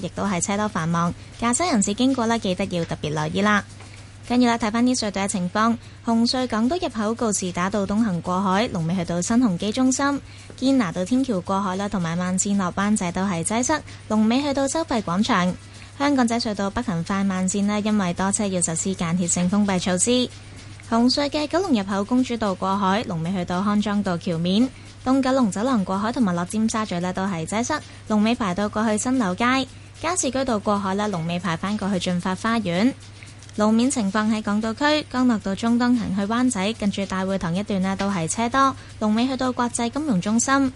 亦都係車多繁忙，駕駛人士經過咧，記得要特別留意啦。跟住啦，睇返啲隧道嘅情況，紅隧港島入口告士打道東行過海，龍尾去到新鴻基中心；堅拿道天橋過海啦，同埋慢線落班仔都係擠塞，龍尾去到收費廣場。香港仔隧道北行快慢線咧，因為多車要實施間歇性封閉措施。紅隧嘅九龍入口公主道過海，龍尾去到康莊道橋面；東九龍走廊過海同埋落尖沙咀呢都係擠塞，龍尾排到過去新柳街。加士居道過海啦，龍尾排翻，過去駿發花園。路面情況，喺港島區，干諾道中東行去灣仔，跟住大會堂一段呢都係車多。龍尾去到國際金融中心，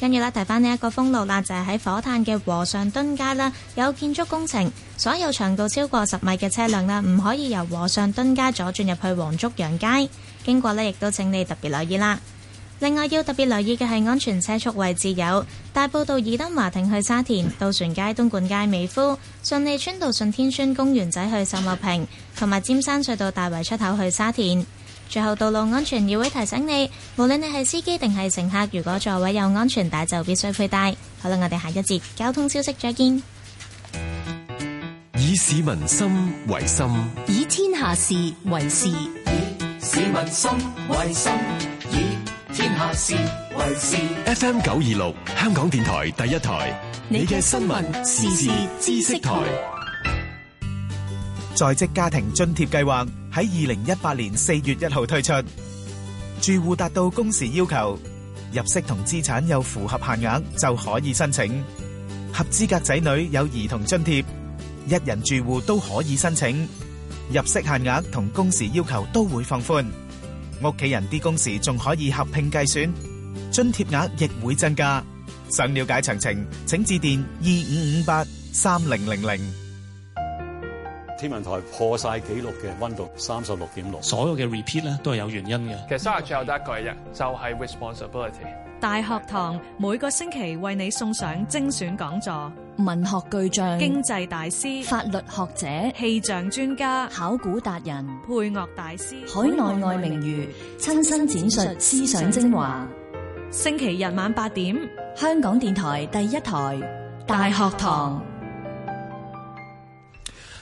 跟住呢，提翻呢一個封路啦，就係、是、喺火炭嘅和尚敦街啦，有建築工程，所有長度超過十米嘅車輛啦，唔可以由和尚敦街左轉入去黃竹洋街。經過呢，亦都請你特別留意啦。另外要特別留意嘅係安全車速位置有大埔道爾登華庭去沙田，渡船街東莞街美孚，順利村道順天村公園仔去秀茂坪，同埋尖山隧道大圍出口去沙田。最後道路安全要會提醒你，無論你係司機定係乘客，如果座位有安全帶就必須佩戴。好啦，我哋下一節交通消息再見。以市民心為心，以天下事為事，以市民心為心，以。天下事為事，FM 九二六香港電台第一台，你嘅新聞時事知識台，在職家庭津貼計劃喺二零一八年四月一號推出，住戶達到工時要求，入息同資產又符合限額就可以申請，合資格仔女有兒童津貼，一人住戶都可以申請，入息限額同工時要求都會放寬。屋企人啲工時仲可以合併計算，津貼額亦會增加。想了解詳情，請致電二五五八三零零零。天文台破晒紀錄嘅温度三十六點六，所有嘅 repeat 咧都係有原因嘅。其實生日最後得一個，就係 responsibility。大學堂每個星期為你送上精選講座。文學巨匠、經濟大師、法律學者、氣象專家、考古達人、配樂大師，海內外,外名譽親身展述思想精華。星期日晚八點，香港電台第一台大學堂。學堂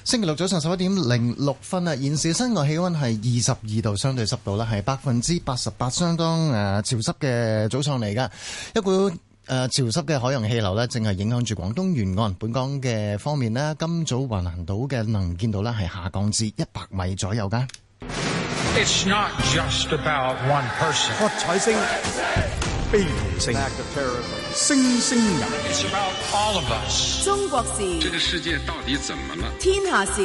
星期六早上十一點零六分啊！現時室外氣温係二十二度，相對濕度咧係百分之八十八，相當誒潮濕嘅早上嚟噶一誒潮濕嘅海洋氣流咧，正係影響住廣東沿岸。本港嘅方面咧，今早橫瀾島嘅能見度咧係下降至一百米左右嘅。星星人 It's about all of us. 中國事，這個世界到底怎麼了？天下事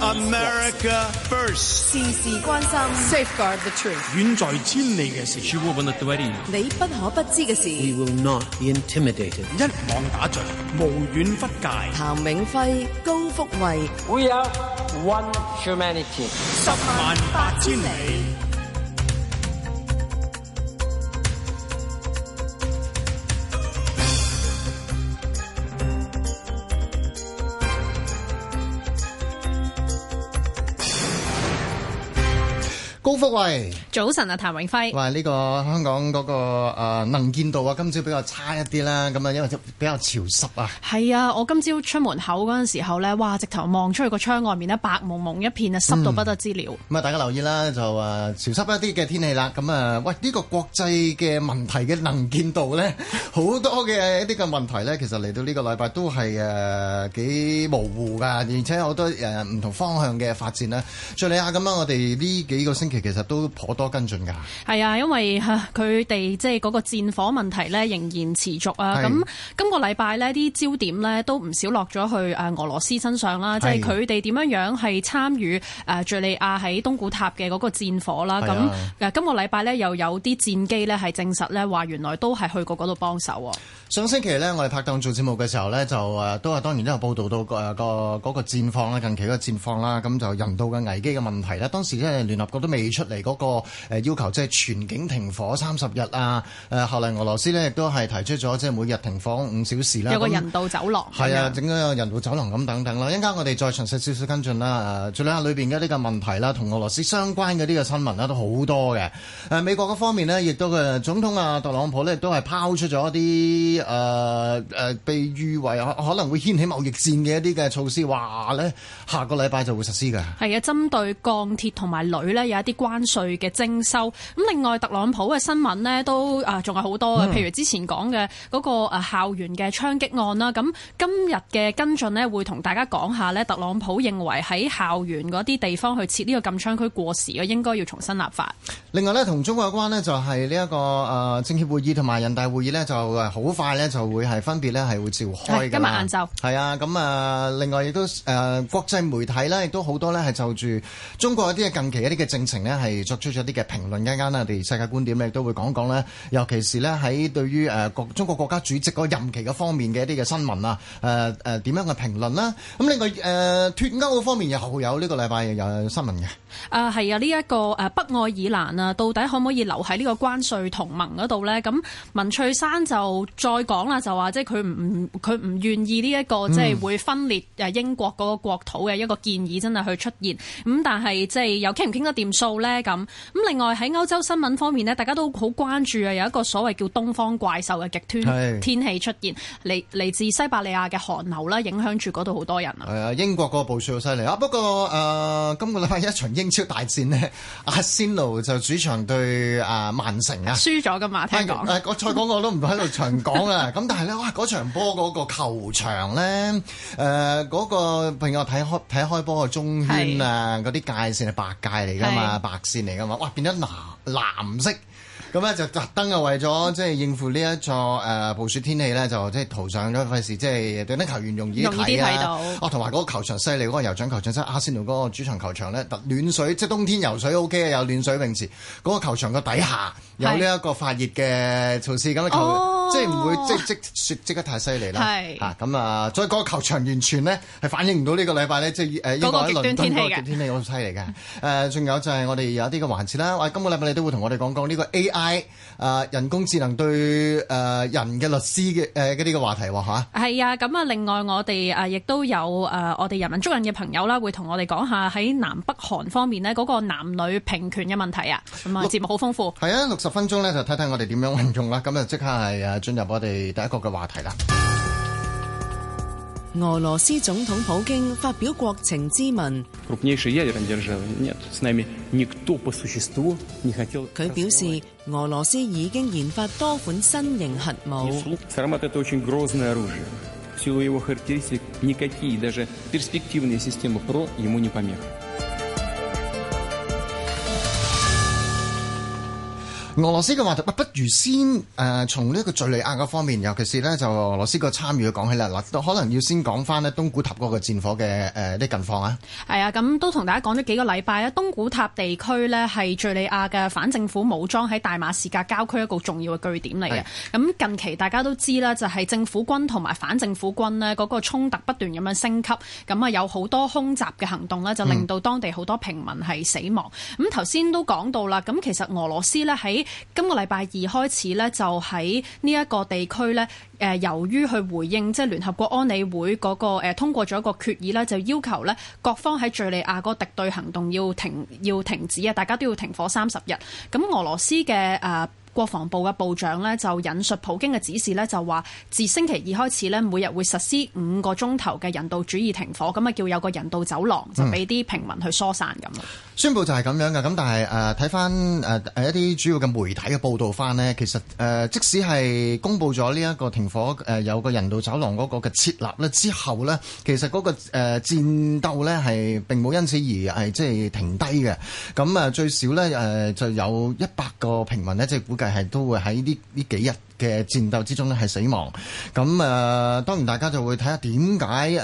，America first. first，事事關心，Safeguard the truth. 遠在千里嘅事，你不可不知嘅事，We will not be intimidated. 一網打盡，無遠不屆。譚永輝、高福慧，We are one humanity，十萬八千里。高福早晨啊，譚永輝。喂，呢、這個香港嗰、那個誒、呃、能見度啊，今朝比較差一啲啦。咁啊，因為比較潮濕啊。係啊，我今朝出門口嗰陣時候咧，哇，直頭望出去個窗外面咧，白蒙蒙一片啊，濕到不得之了。咁、嗯、啊，大家留意啦，就誒、呃、潮濕一啲嘅天氣啦。咁、嗯、啊，喂，呢、這個國際嘅問題嘅能見度咧，好多嘅一啲嘅問題咧，其實嚟到呢個禮拜都係誒、呃、幾模糊噶。而且好多誒唔同方向嘅發展咧。敘利亞咁啊，我哋呢幾個星期。其實都頗多跟進㗎，係啊，因為佢哋即係嗰個戰火問題咧，仍然持續啊。咁今個禮拜呢啲焦點咧都唔少落咗去俄羅斯身上啦、啊，即係佢哋點樣樣係參與誒、敘利亞喺東古塔嘅嗰個戰火啦、啊。咁、啊、今個禮拜咧又有啲戰機咧係證實咧話，原來都係去過嗰度幫手、啊。上星期咧，我哋拍檔做節目嘅時候咧，就、啊、都係當然都有報導到誒、嗰個嗰、嗰個嗰個、戰況啦，近期嗰個戰況啦，咁就人道嘅危機嘅問題啦。當時咧聯合國都未。出嚟嗰個要求，即係全境停火三十日啊！誒、呃，後嚟俄羅斯呢亦都係提出咗，即係每日停火五小時啦。有個人道走廊，係、嗯、啊，整咗個人道走廊咁等等啦。一陣間我哋再詳細少少跟進啦，誒、啊，再睇下裏邊嘅呢個問題啦，同俄羅斯相關嘅呢個新聞啦都好多嘅。誒、啊，美國嘅方面呢，亦都嘅總統啊，特朗普咧都係拋出咗一啲誒誒，被譽為可能會掀起貿易戰嘅一啲嘅措施，話呢，下個禮拜就會實施嘅。係啊，針對鋼鐵同埋鋁呢，有一啲。關稅嘅徵收，咁另外特朗普嘅新聞呢都啊仲係好多嘅。譬如之前講嘅嗰個校園嘅槍擊案啦，咁今日嘅跟進呢會同大家講下呢。特朗普認為喺校園嗰啲地方去設呢個禁槍區過時啊，應該要重新立法。另外呢，同中國有關呢就係呢一個誒、呃、政協會議同埋人大會議呢，就係好快呢就會係分別呢係會召開。今日晏晝。係啊，咁啊、呃、另外亦都誒、呃、國際媒體呢，亦都好多呢係就住中國一啲近期一啲嘅政情。咧係作出咗啲嘅評論，一間啦，哋世界觀點咧亦都會講講咧，尤其是呢，喺對於誒國、呃、中國國家主席嗰任期方面嘅一啲嘅新聞啊，誒誒點樣嘅評論啦。咁另外誒脱歐方面又有呢、這個禮拜又有新聞嘅。啊，係啊，呢、這、一個誒北愛爾蘭啊，到底可唔可以留喺呢個關稅同盟嗰度呢？咁文翠珊就再講啦，就話、這個嗯、即係佢唔佢唔願意呢一個即係會分裂誒英國嗰個國土嘅一個建議，真係去出現。咁但係即係有傾唔傾得掂咧咁咁，另外喺歐洲新聞方面呢，大家都好關注啊，有一個所謂叫東方怪獸嘅極端天氣出現，嚟嚟自西伯利亞嘅寒流啦，影響住嗰度好多人啊。係啊，英國嗰個暴雪好犀利啊。不過誒、呃，今個禮拜一場英超大戰呢，阿仙奴就主場對啊曼城啊，輸咗噶嘛？聽講我再講我都唔喺度長講啊。咁 但係呢，哇，嗰場波嗰、那個球場咧，誒、呃、嗰、那個朋友睇開睇開波嘅中圈啊，嗰啲界線係白界嚟噶嘛？白線嚟噶嘛？哇！變咗藍藍色，咁咧就特登啊，為咗即係應付呢一座誒、呃、暴雪天氣咧，就即係塗上咗一事即係令得球員容易睇啊！哦、啊，同埋嗰個球場犀利，嗰個酋長球場即係阿仙奴嗰個主場球場咧，特暖水即係冬天游水 OK 啊，有暖水泳池嗰、那個球場嘅底下。有呢一個發熱嘅措施，咁啊球、哦、即係唔會即即雪積得太犀利啦。係咁啊，所以嗰個球場完全咧係反映唔到呢個禮拜咧，即係誒英國倫敦、那個極端天氣嘅。那個、天氣好犀利嘅。誒、 啊，仲有就係我哋有啲嘅環節啦。我、啊、今個禮拜你都會同我哋講講呢個 AI 誒、啊、人工智能對誒、啊、人嘅律師嘅誒啲嘅話題喎嚇。係啊，咁啊另外我哋誒亦都有誒、啊、我哋人民足印嘅朋友啦，會同我哋講下喺南北韓方面呢，嗰個男女平權嘅問題啊。咁啊節目好豐富。係啊，六分鐘咧就睇睇我哋點樣運用啦，咁就即刻係啊進入我哋第一個嘅話題啦。俄羅斯總統普京發表國情諮文。佢表示俄羅斯已經研發多款新型核武。哦俄羅斯嘅話題，不如先誒、呃、從呢個敍利亞嘅方面，尤其是呢，就俄羅斯個參與去講起啦。嗱，可能要先講翻呢東古塔嗰個戰火嘅誒啲近況啊。係啊，咁都同大家講咗幾個禮拜啦。東古塔地區呢，係敍利亞嘅反政府武裝喺大馬士革郊區一個重要嘅據點嚟嘅。咁近期大家都知啦，就係、是、政府軍同埋反政府軍呢嗰個衝突不斷咁樣升級，咁啊有好多空襲嘅行動呢，就令到當地好多平民係死亡。咁頭先都講到啦，咁其實俄羅斯呢喺今個禮拜二開始咧，就喺呢一個地區咧，誒，由於去回應即係聯合國安理會嗰個誒通過咗一個決議咧，就要求咧各方喺敘利亞嗰個敵對行動要停要停止啊，大家都要停火三十日。咁俄羅斯嘅誒。呃國防部嘅部長呢，就引述普京嘅指示呢，就話自星期二開始呢，每日會實施五個鐘頭嘅人道主義停火，咁啊叫有個人道走廊，就俾啲平民去疏散咁，嗯。宣布就係咁樣嘅。咁但係誒睇翻誒誒一啲主要嘅媒體嘅報道翻呢，其實誒、呃、即使係公布咗呢一個停火誒、呃、有個人道走廊嗰個嘅設立呢之後呢，其實嗰、那個誒、呃、戰鬥呢係並冇因此而係即係停低嘅，咁啊最少呢，誒、呃、就有一百個平民呢，即係估計。係都會喺呢呢幾日。嘅戰鬥之中咧係死亡，咁誒、呃、當然大家就會睇下點解誒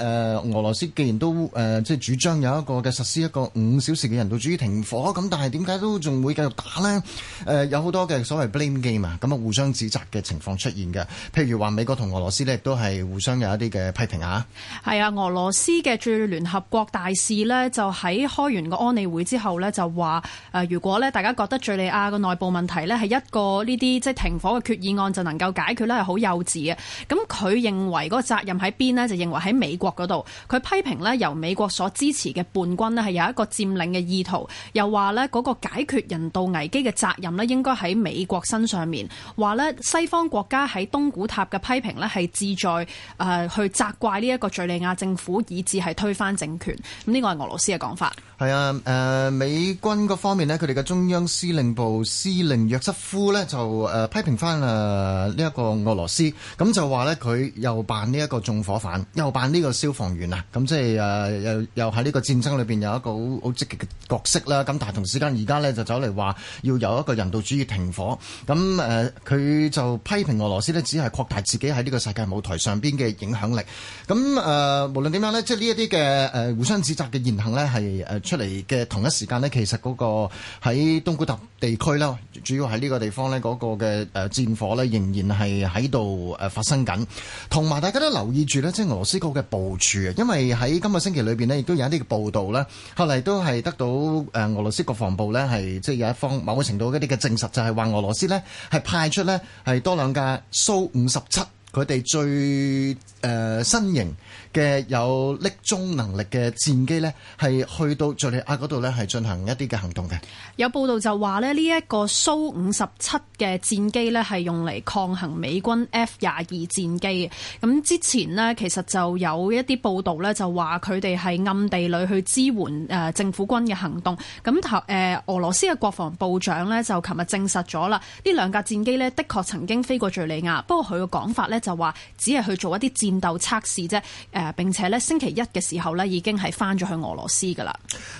俄羅斯既然都誒、呃、即係主張有一個嘅實施一個五小時嘅人道主義停火，咁但係點解都仲會繼續打呢？誒、呃、有好多嘅所謂 blame game 啊，咁啊互相指責嘅情況出現嘅，譬如話美國同俄羅斯呢，亦都係互相有一啲嘅批評嚇。係啊，啊，俄羅斯嘅駐聯合國大使呢，就喺開完個安理會之後呢，就話誒、呃，如果咧大家覺得敘利亞個內部問題呢，係一個呢啲即係停火嘅決議案就能夠解決呢係好幼稚嘅，咁佢認為嗰個責任喺邊呢？就認為喺美國嗰度。佢批評呢由美國所支持嘅叛軍呢係有一個佔領嘅意圖，又話呢嗰個解決人道危機嘅責任呢應該喺美國身上面。話呢西方國家喺東古塔嘅批評呢係志在誒、呃、去責怪呢一個敍利亞政府，以致係推翻政權。咁呢個係俄羅斯嘅講法。係啊，誒、呃、美軍嗰方面呢，佢哋嘅中央司令部司令約瑟夫呢就誒、呃、批評翻誒。呃誒呢一個俄羅斯咁就話呢，佢又扮呢一個縱火犯，又扮呢個消防員啊！咁即係誒又又喺呢個戰爭裏邊有一個好好積極嘅角色啦。咁但係同時間而家呢就走嚟話要有一個人道主義停火。咁誒佢就批評俄羅斯呢，只係擴大自己喺呢個世界舞台上邊嘅影響力。咁誒、呃、無論點樣呢，即係呢一啲嘅誒互相指責嘅言行呢，係誒出嚟嘅同一時間呢，其實嗰個喺東古塔地區啦，主要喺呢個地方呢，嗰、那個嘅誒戰火呢。仍然係喺度誒發生緊，同埋大家都留意住咧，即係俄羅斯國嘅部署啊！因為，喺今個星期裏邊咧，亦都有一啲嘅報道咧，後嚟都係得到誒俄羅斯國防部咧係即係有一方某個程度一啲嘅證實，就係話俄羅斯咧係派出咧係多兩架蘇五十七，佢哋最誒新型嘅有匿蹤能力嘅戰機呢，係去到敍利亞嗰度呢，係進行一啲嘅行動嘅。有報道就話呢，呢一個蘇五十七嘅戰機呢，係用嚟抗衡美軍 F 廿二戰機。咁之前呢，其實就有一啲報道呢，就話佢哋係暗地裏去支援誒政府軍嘅行動。咁頭誒，俄羅斯嘅國防部長呢，就琴日證實咗啦，呢兩架戰機呢，的確曾經飛過敍利亞。不過佢嘅講法呢，就話，只係去做一啲戰鬥測試啫。誒。並且咧，星期一嘅時候咧，已經係翻咗去俄羅斯噶啦。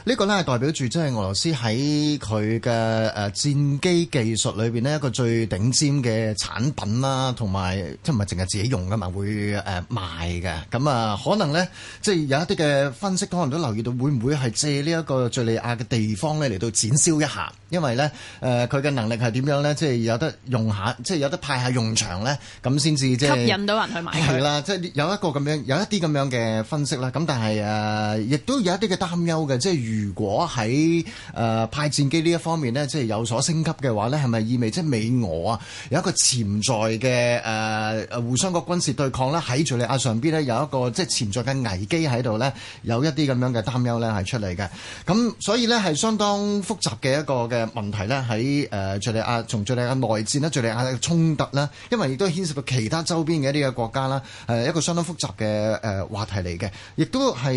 呢個咧係代表住，即係俄羅斯喺佢嘅誒戰機技術裏邊呢一個最頂尖嘅產品啦，同埋即係唔係淨係自己用噶嘛，會誒賣嘅。咁啊，可能咧，即係有一啲嘅分析，可能都留意到，會唔會係借呢一個敍利亞嘅地方咧嚟到展銷一下？因為咧，誒佢嘅能力係點樣咧？即係有得用下，即係有得派下用場咧，咁先至即吸引到人去買。係啦，即係有一個咁樣，有一啲咁。咁樣嘅分析啦，咁但係誒、呃，亦都有一啲嘅擔憂嘅，即係如果喺誒、呃、派戰機呢一方面呢，即係有所升級嘅話呢，係咪意味即係美俄啊有一個潛在嘅誒、呃、互相嘅軍事對抗呢？喺敘利亞上邊呢，有一個即係潛在嘅危機喺度呢，有一啲咁樣嘅擔憂呢係出嚟嘅，咁所以呢，係相當複雜嘅一個嘅問題呢。喺誒敘利亞，從敘利亞內戰啦、敘利亞嘅衝突啦，因為亦都牽涉到其他周邊嘅一啲嘅國家啦、呃，一個相當複雜嘅話題嚟嘅，亦都係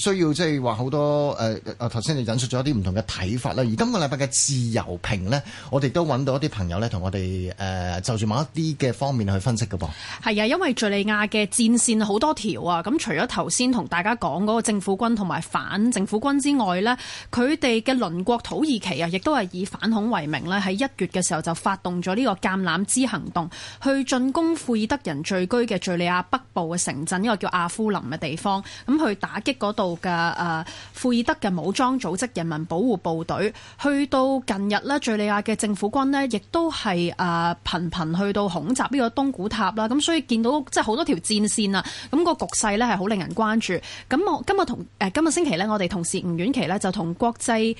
需要即係話好多誒。阿頭先你引述咗一啲唔同嘅睇法啦。而今個禮拜嘅自由評呢，我哋都揾到一啲朋友咧，同我哋誒就住某一啲嘅方面去分析嘅噃。係啊，因為敍利亞嘅戰線好多條啊。咁除咗頭先同大家講嗰個政府軍同埋反政府軍之外呢，佢哋嘅鄰國土耳其啊，亦都係以反恐為名呢。喺一月嘅時候就發動咗呢個橄欖枝行動，去進攻庫爾德人聚居嘅敍利亞北部嘅城鎮，呢個叫阿富林嘅地方，咁去打擊嗰度嘅，誒，庫、啊、爾德嘅武裝組織人民保護部隊。去到近日呢，敘利亞嘅政府軍呢，亦都係誒頻頻去到恐襲呢個東古塔啦。咁所以見到即係好多條戰線啦。咁，那個局勢呢，係好令人關注。咁我今日同誒，呃，今日星期呢，我哋同事吳婉琪呢，就同國際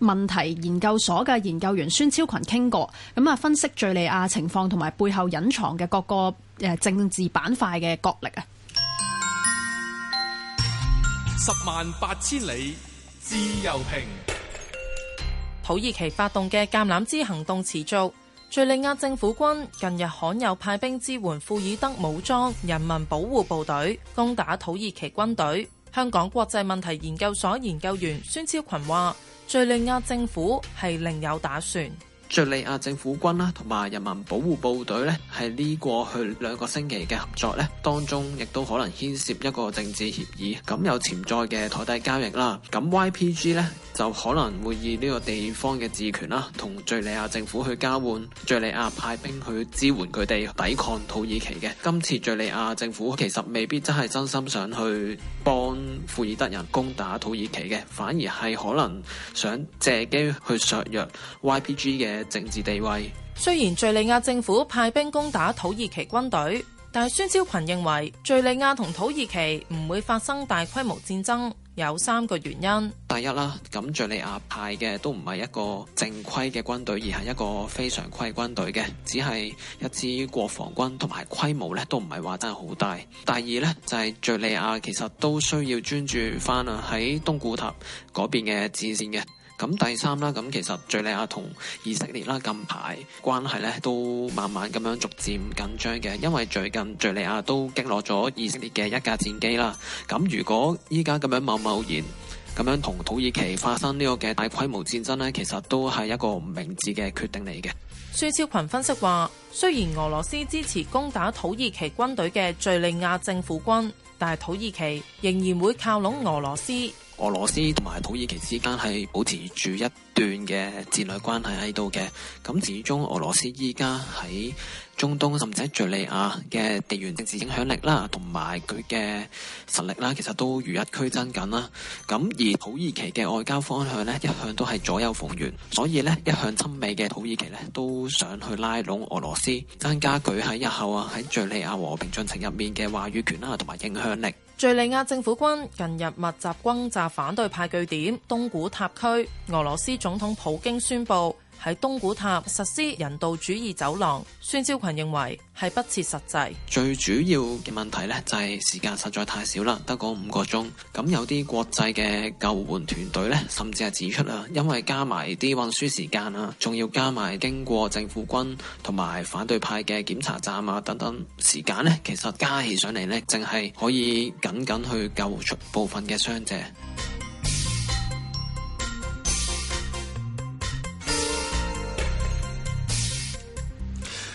問題研究所嘅研究員孫超群傾過，咁啊分析敘利亞情況同埋背後隱藏嘅各個誒，呃、政治板塊嘅角力啊。十萬八千里，自由平。土耳其發動嘅橄欖枝行動持續，敘利亞政府軍近日罕有派兵支援庫爾德武裝人民保護部隊攻打土耳其軍隊。香港國際問題研究所研究員孫超群話：敘利亞政府係另有打算。敍利亞政府軍啦，同埋人民保護部隊咧，喺呢過去兩個星期嘅合作咧，當中亦都可能牽涉一個政治協議，咁有潛在嘅台底交易啦。咁 YPG 咧就可能會以呢個地方嘅治權啦，同敍利亞政府去交換，敍利亞派兵去支援佢哋抵抗土耳其嘅。今次敍利亞政府其實未必真係真心想去幫庫爾德人攻打土耳其嘅，反而係可能想借機去削弱 YPG 嘅。政治地位。雖然敘利亞政府派兵攻打土耳其軍隊，但係孫超群認為敘利亞同土耳其唔會發生大規模戰爭，有三個原因。第一啦，咁敘利亞派嘅都唔係一個正規嘅軍隊，而係一個非常規軍隊嘅，只係一支國防軍，同埋規模咧都唔係話真係好大。第二咧就係、是、敘利亞其實都需要專注翻啊喺東古塔嗰邊嘅戰線嘅。咁第三啦，咁其實叙利亞同以色列啦，近排關係咧都慢慢咁樣逐漸緊張嘅，因為最近叙利亞都擊落咗以色列嘅一架戰機啦。咁如果依家咁樣貿貿然咁樣同土耳其發生呢個嘅大規模戰爭咧，其實都係一個唔明智嘅決定嚟嘅。舒超群分析話，雖然俄羅斯支持攻打土耳其軍隊嘅叙利亞政府軍，但係土耳其仍然會靠攏俄羅斯。俄羅斯同埋土耳其之間係保持住一段嘅戰略關係喺度嘅，咁始終俄羅斯依家喺中東甚至喺敘利亞嘅地緣政治影響力啦，同埋佢嘅實力啦，其實都與日俱增緊啦。咁而土耳其嘅外交方向呢，一向都係左右逢源，所以呢，一向親美嘅土耳其呢，都想去拉攏俄羅斯，增加佢喺日後啊喺敘利亞和平進程入面嘅話語權啦，同埋影響力。敘利亞政府軍近日密集轟炸反對派據點東古塔區，俄羅斯總統普京宣布，喺東古塔實施人道主義走廊，孫超群認為係不切實際。最主要嘅問題呢，就係時間實在太少啦，得嗰五個鐘。咁有啲國際嘅救援團隊呢，甚至係指出啦，因為加埋啲運輸時間啊，仲要加埋經過政府軍同埋反對派嘅檢查站啊等等，時間呢，其實加起上嚟呢，淨係可以僅僅去救出部分嘅傷者。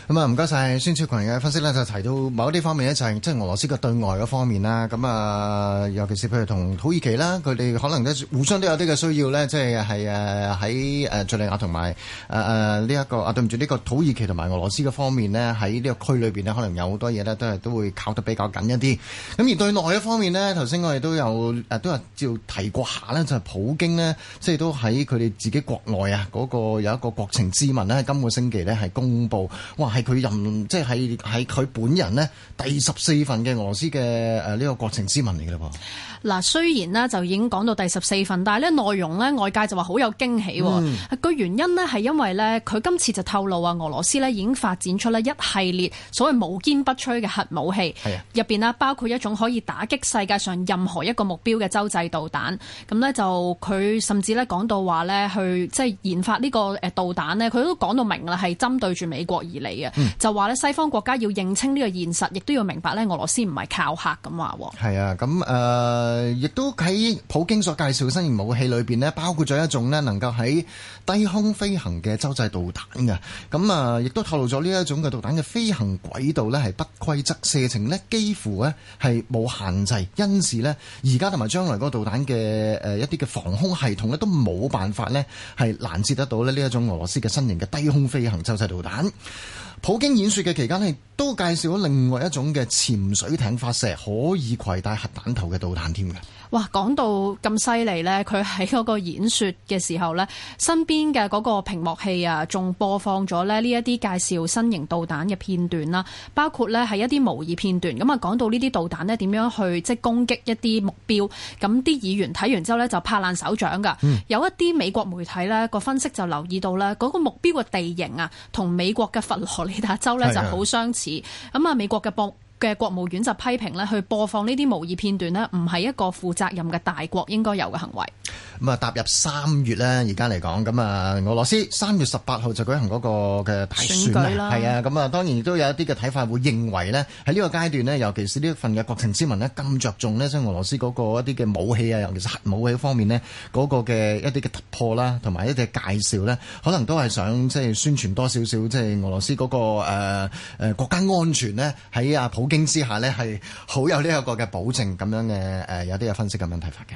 咁啊，唔該晒。孫超群嘅分析呢，就提到某一啲方面呢，就係即係俄羅斯嘅對外嗰方面啦。咁啊，尤其是譬如同土耳其啦，佢哋可能呢，互相都有啲嘅需要呢，即係係誒喺誒敘利亞同埋誒誒呢一個啊，對唔住呢個土耳其同埋俄羅斯嘅方面呢，喺呢個區裏邊呢，可能有好多嘢呢，都係都會靠得比較緊一啲。咁而對內嘅方面呢，頭先我哋都有誒都係照提過下呢就係、是、普京呢，即係都喺佢哋自己國內啊嗰個有一個國情咨文咧，今個星期呢，係公布，哇！係佢任，即係係佢本人咧，第十四份嘅俄羅斯嘅誒呢個國情咨文嚟嘅嘞噃。嗱，雖然呢，就已經講到第十四份，但係呢，內容咧外界就話好有驚喜個、嗯、原因呢，係因為呢，佢今次就透露啊，俄羅斯咧已經發展出咧一系列所謂無堅不摧嘅核武器，入邊咧包括一種可以打擊世界上任何一個目標嘅洲際導彈。咁呢，就佢甚至呢講到話呢，去即係研發呢個誒導彈呢，佢都講到明啦，係針對住美國而嚟嘅、嗯，就話呢，西方國家要認清呢個現實，亦都要明白呢，俄羅斯唔係靠嚇咁話。係啊，咁誒。呃誒，亦都喺普京所介紹新型武器裏邊咧，包括咗一種咧能夠喺低空飛行嘅洲際導彈嘅。咁啊，亦都透露咗呢一種嘅導彈嘅飛行軌道咧係不規則，射程咧幾乎咧係冇限制，因此呢，而家同埋將來嗰個導彈嘅誒一啲嘅防空系統咧都冇辦法咧係攔截得到咧呢一種俄羅斯嘅新型嘅低空飛行洲際導彈。普京演説嘅期間呢都介紹咗另外一種嘅潛水艇發射，可以攜帶核彈頭嘅導彈添嘅。哇，講到咁犀利呢，佢喺嗰個演說嘅時候呢，身邊嘅嗰個屏幕器啊，仲播放咗呢一啲介紹新型導彈嘅片段啦，包括呢係一啲模擬片段。咁啊，講到呢啲導彈呢點樣去即攻擊一啲目標，咁啲議員睇完之後呢就拍爛手掌噶、嗯。有一啲美國媒體呢個分析就留意到呢嗰個目標嘅地形啊，同美國嘅佛羅里達州呢就好相似。咁啊，美國嘅博嘅國務院就批評呢去播放呢啲模擬片段呢，唔係一個負責任嘅大國應該有嘅行為。咁啊，踏入三月呢，而家嚟講，咁啊，俄羅斯三月十八號就舉行嗰個嘅大選，選舉啦。係啊，咁啊，當然亦都有一啲嘅睇法，會認為呢，喺呢個階段呢，尤其是呢份嘅國情諮文呢，咁着重呢，即係俄羅斯嗰個一啲嘅武器啊，尤其是核武器方面呢，嗰個嘅一啲嘅突破啦，同埋一啲嘅介紹呢，可能都係想即係宣傳多少少，即係俄羅斯嗰個誒誒國家安全呢，喺啊普。驚之下咧，係好有呢一個嘅保證咁樣嘅，誒，有啲嘅分析咁樣睇法嘅。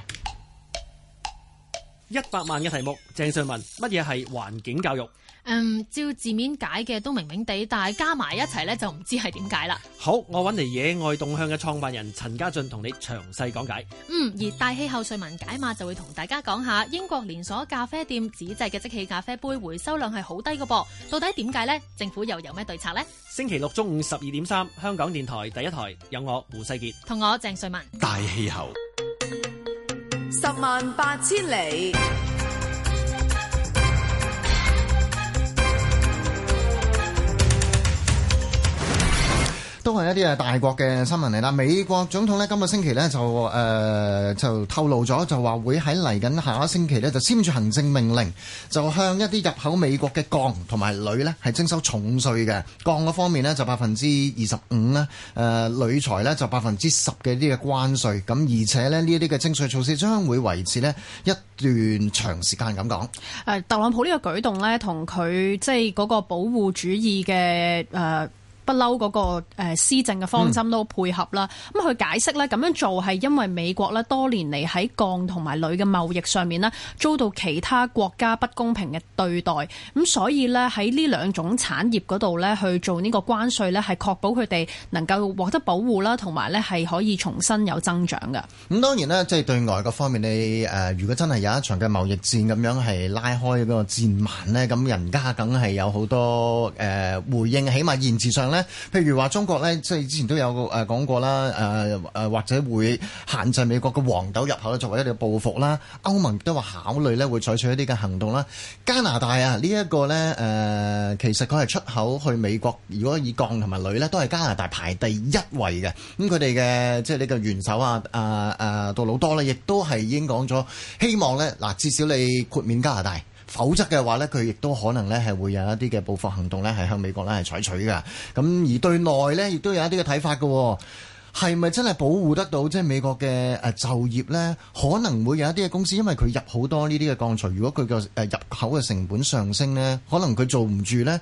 一百萬嘅題目，鄭尚文，乜嘢係環境教育？嗯，照字面解嘅都明明地，但係加埋一齊咧就唔知係點解啦。好，我揾嚟野外動向嘅創辦人陳家俊同你詳細講解。嗯，而大氣候瑞文解碼就會同大家講下，英國連鎖咖啡店紙製嘅即棄咖啡杯，杯回收量係好低嘅噃，到底點解呢？政府又有咩對策呢？星期六中午十二點三，香港電台第一台有我胡世杰同我鄭瑞文大氣候十萬八千里。都係一啲大國嘅新聞嚟啦。美國總統呢今個星期呢就，誒、呃、就透露咗，就話會喺嚟緊下一星期呢就簽署行政命令，就向一啲入口美國嘅鋼同埋鋁咧係徵收重稅嘅，鋼方面呢就百分之二十五咧，誒鋁材呢就百分之十嘅呢個關稅。咁而且呢呢啲嘅徵稅措施將會維持呢一段長時間咁講，呃。特朗普呢個舉動呢，同佢即係嗰個保護主義嘅誒。呃不嬲嗰個誒施政嘅方針都配合啦、嗯，咁佢解釋咧咁樣做係因為美國咧多年嚟喺鋼同埋鋁嘅貿易上面咧遭到其他國家不公平嘅對待，咁所以咧喺呢兩種產業嗰度咧去做呢個關稅咧係確保佢哋能夠獲得保護啦，同埋咧係可以重新有增長嘅。咁當然呢，即係對外各方面你誒，如果真係有一場嘅貿易戰咁樣係拉開嗰個戰幔咧，咁人家梗係有好多誒、呃、回應，起碼言詞上咧。譬如話中國咧，即係之前都有誒講過啦，誒誒或者會限制美國嘅黃豆入口作為一啲報復啦。歐盟都話考慮咧會採取一啲嘅行動啦。加拿大啊，呢、這、一個咧誒、呃，其實佢係出口去美國，如果以鋼同埋鋁咧，都係加拿大排第一位嘅。咁佢哋嘅即係呢個元首啊，啊、呃、啊、呃、杜魯多咧，亦都係已經講咗，希望咧嗱，至少你豁免加拿大。否則嘅話呢，佢亦都可能呢係會有一啲嘅報復行動呢係向美國呢係採取嘅。咁而對內呢，亦都有一啲嘅睇法嘅，係咪真係保護得到？即係美國嘅就業呢，可能會有一啲嘅公司，因為佢入好多呢啲嘅鋼材，如果佢嘅入口嘅成本上升呢，可能佢做唔住呢，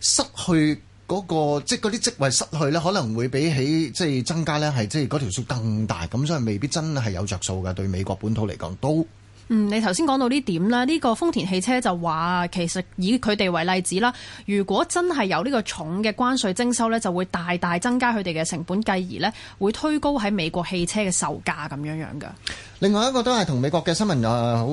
失去嗰個，即係嗰啲職位失去呢，可能會比起即係增加呢，係即係嗰條數更大咁，所以未必真係有着數嘅對美國本土嚟講都。嗯，你頭先講到呢點啦，呢、呢個豐田汽車就話其實以佢哋為例子啦，如果真係有呢個重嘅關稅徵收呢，就會大大增加佢哋嘅成本，繼而呢會推高喺美國汽車嘅售價咁樣樣㗎。另外一個都係同美國嘅新聞啊，好、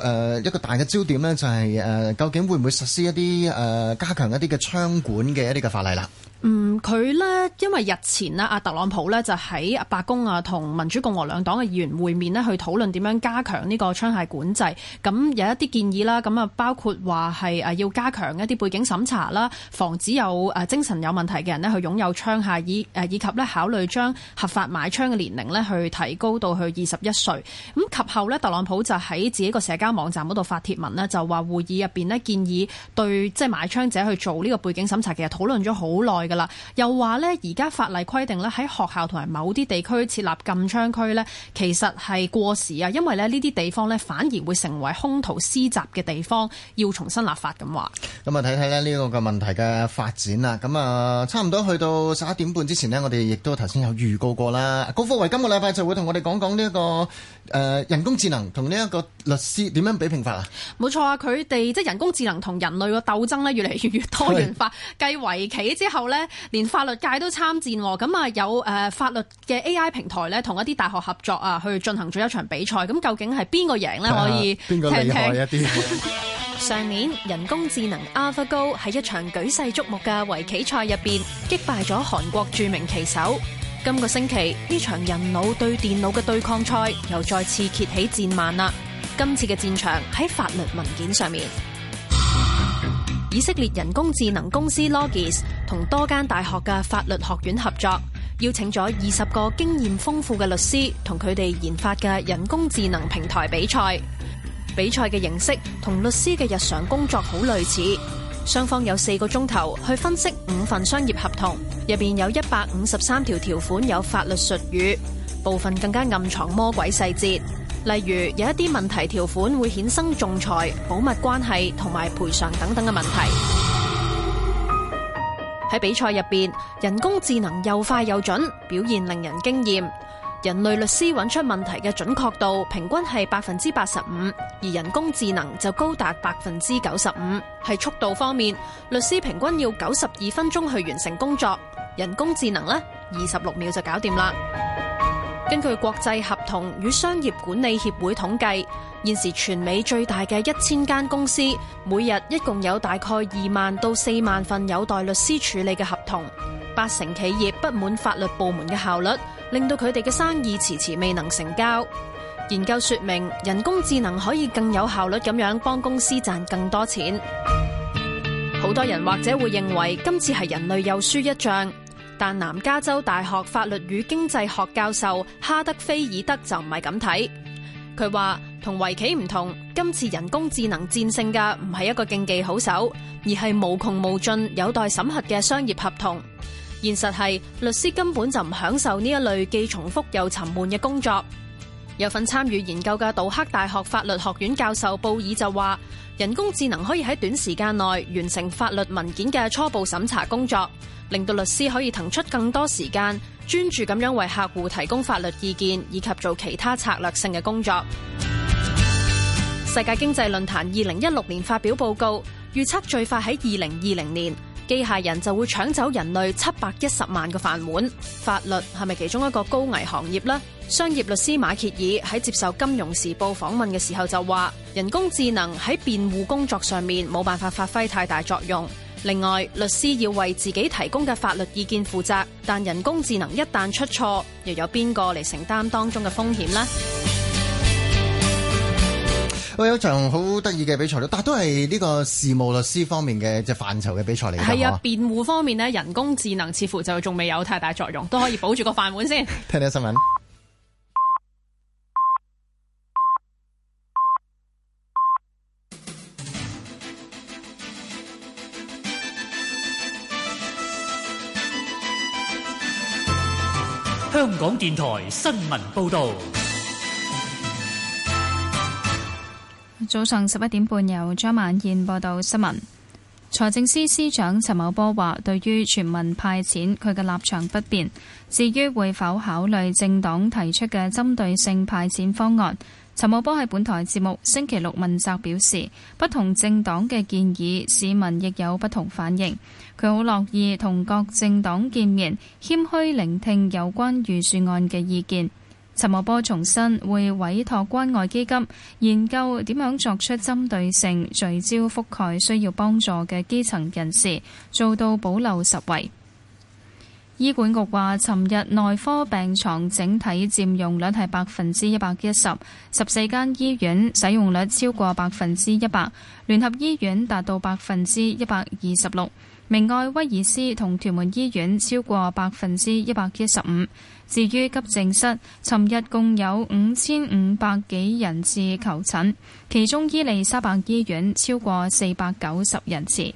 呃呃、一個大嘅焦點呢、就係，就、呃、係究竟會唔會實施一啲、呃、加強一啲嘅槍管嘅一啲嘅法例啦？嗯，佢呢，因為日前呢，阿特朗普呢就喺白宮啊同民主共和兩黨嘅議員會面呢去討論點樣加強呢個槍械管制。咁有一啲建議啦，咁啊包括話係要加強一啲背景審查啦，防止有、呃、精神有問題嘅人呢去擁有槍械，以、呃、以及呢考慮將合法買槍嘅年齡呢去提高到去二十一歲。咁及後呢，特朗普就喺自己個社交網站嗰度發帖文呢，就話會議入邊呢建議對即係、就是、買槍者去做呢個背景審查，其實討論咗好耐。又話呢，而家法例規定呢，喺學校同埋某啲地區設立禁槍區呢，其實係過時啊，因為呢啲地方呢，反而會成為兇徒施襲嘅地方，要重新立法咁話。咁啊，睇睇呢個嘅問題嘅發展啦。咁啊，差唔多去到十一點半之前呢，我哋亦都頭先有預告過啦。高福維今個禮拜就會同我哋講講呢一個、呃、人工智能同呢一個律師點樣比拼法。冇錯啊，佢哋即係人工智能同人類嘅鬥爭呢，越嚟越越多元化。繼圍棋之後呢。連法律界都參戰，咁啊有誒、呃、法律嘅 AI 平台咧，同一啲大學合作啊，去進行咗一場比賽。咁究竟係邊個贏呢，啊？可以聽聽。一 上年人工智能 AlphaGo 喺一場舉世矚目嘅圍棋賽入邊擊敗咗韓國著名棋手。今個星期呢場人腦對電腦嘅對抗賽又再次揭起戰幔啦。今次嘅戰場喺法律文件上面。以色列人工智能公司 Logis 同多間大學嘅法律學院合作，邀請咗二十個經驗豐富嘅律師同佢哋研發嘅人工智能平台比賽。比賽嘅形式同律師嘅日常工作好類似，雙方有四個鐘頭去分析五份商業合同，入邊有一百五十三條條款有法律術語，部分更加暗藏魔鬼細節。例如有一啲問題條款會衍生仲裁、保密關係同埋賠償等等嘅問題。喺比賽入邊，人工智能又快又準，表現令人驚艷。人類律師揾出問題嘅準確度平均係百分之八十五，而人工智能就高達百分之九十五。喺速度方面，律師平均要九十二分鐘去完成工作，人工智能呢，二十六秒就搞掂啦。根據國際合同與商業管理協會統計，現時全美最大嘅一千間公司，每日一共有大概二萬到四萬份有待律師處理嘅合同。八成企業不滿法律部門嘅效率，令到佢哋嘅生意遲遲遲未能成交。研究說明，人工智能可以更有效率咁樣幫公司賺更多錢。好多人或者會認為今次係人類又輸一仗。但南加州大學法律與經濟學教授哈德菲爾德就唔係咁睇，佢話同圍棋唔同，今次人工智能戰勝嘅唔係一個競技好手，而係無窮無盡有待審核嘅商業合同。現實係律師根本就唔享受呢一類既重複又沉悶嘅工作。有份參與研究嘅杜克大學法律學院教授布爾就話：人工智能可以喺短時間內完成法律文件嘅初步審查工作，令到律師可以騰出更多時間，專注咁樣為客戶提供法律意見以及做其他策略性嘅工作。世界經濟論壇二零一六年發表報告，預測最快喺二零二零年。機械人就會搶走人類七百一十萬個飯碗，法律係咪其中一個高危行業呢？商業律師馬歇爾喺接受《金融時報》訪問嘅時候就話：人工智能喺辯護工作上面冇辦法發揮太大作用。另外，律師要為自己提供嘅法律意見負責，但人工智能一旦出錯，又有邊個嚟承擔當中嘅風險呢？有一場好得意嘅比賽，但都係呢個事務律師方面嘅即係範疇嘅比賽嚟。係啊，辯護方面呢，人工智能似乎就仲未有太大作用，都可以保住個飯碗先。聽聽新聞。香港電台新聞報道。早上十一點半由張曼燕報道新聞。財政司司長陳茂波話，對於全民派錢，佢嘅立場不變。至於會否考慮政黨提出嘅針對性派錢方案，陳茂波喺本台節目星期六問責表示，不同政黨嘅建議，市民亦有不同反應。佢好樂意同各政黨見面，謙虛聆聽有關預算案嘅意見。陳茂波重申會委託關外基金研究點樣作出針對性、聚焦覆蓋需要幫助嘅基層人士，做到保留實惠。醫管局話，尋日內科病床整體佔用率係百分之一百一十，十四間醫院使用率超過百分之一百，聯合醫院達到百分之一百二十六，明愛威爾斯同屯門醫院超過百分之一百一十五。至於急症室，尋日共有五千五百幾人次求診，其中伊利沙伯醫院超過四百九十人次。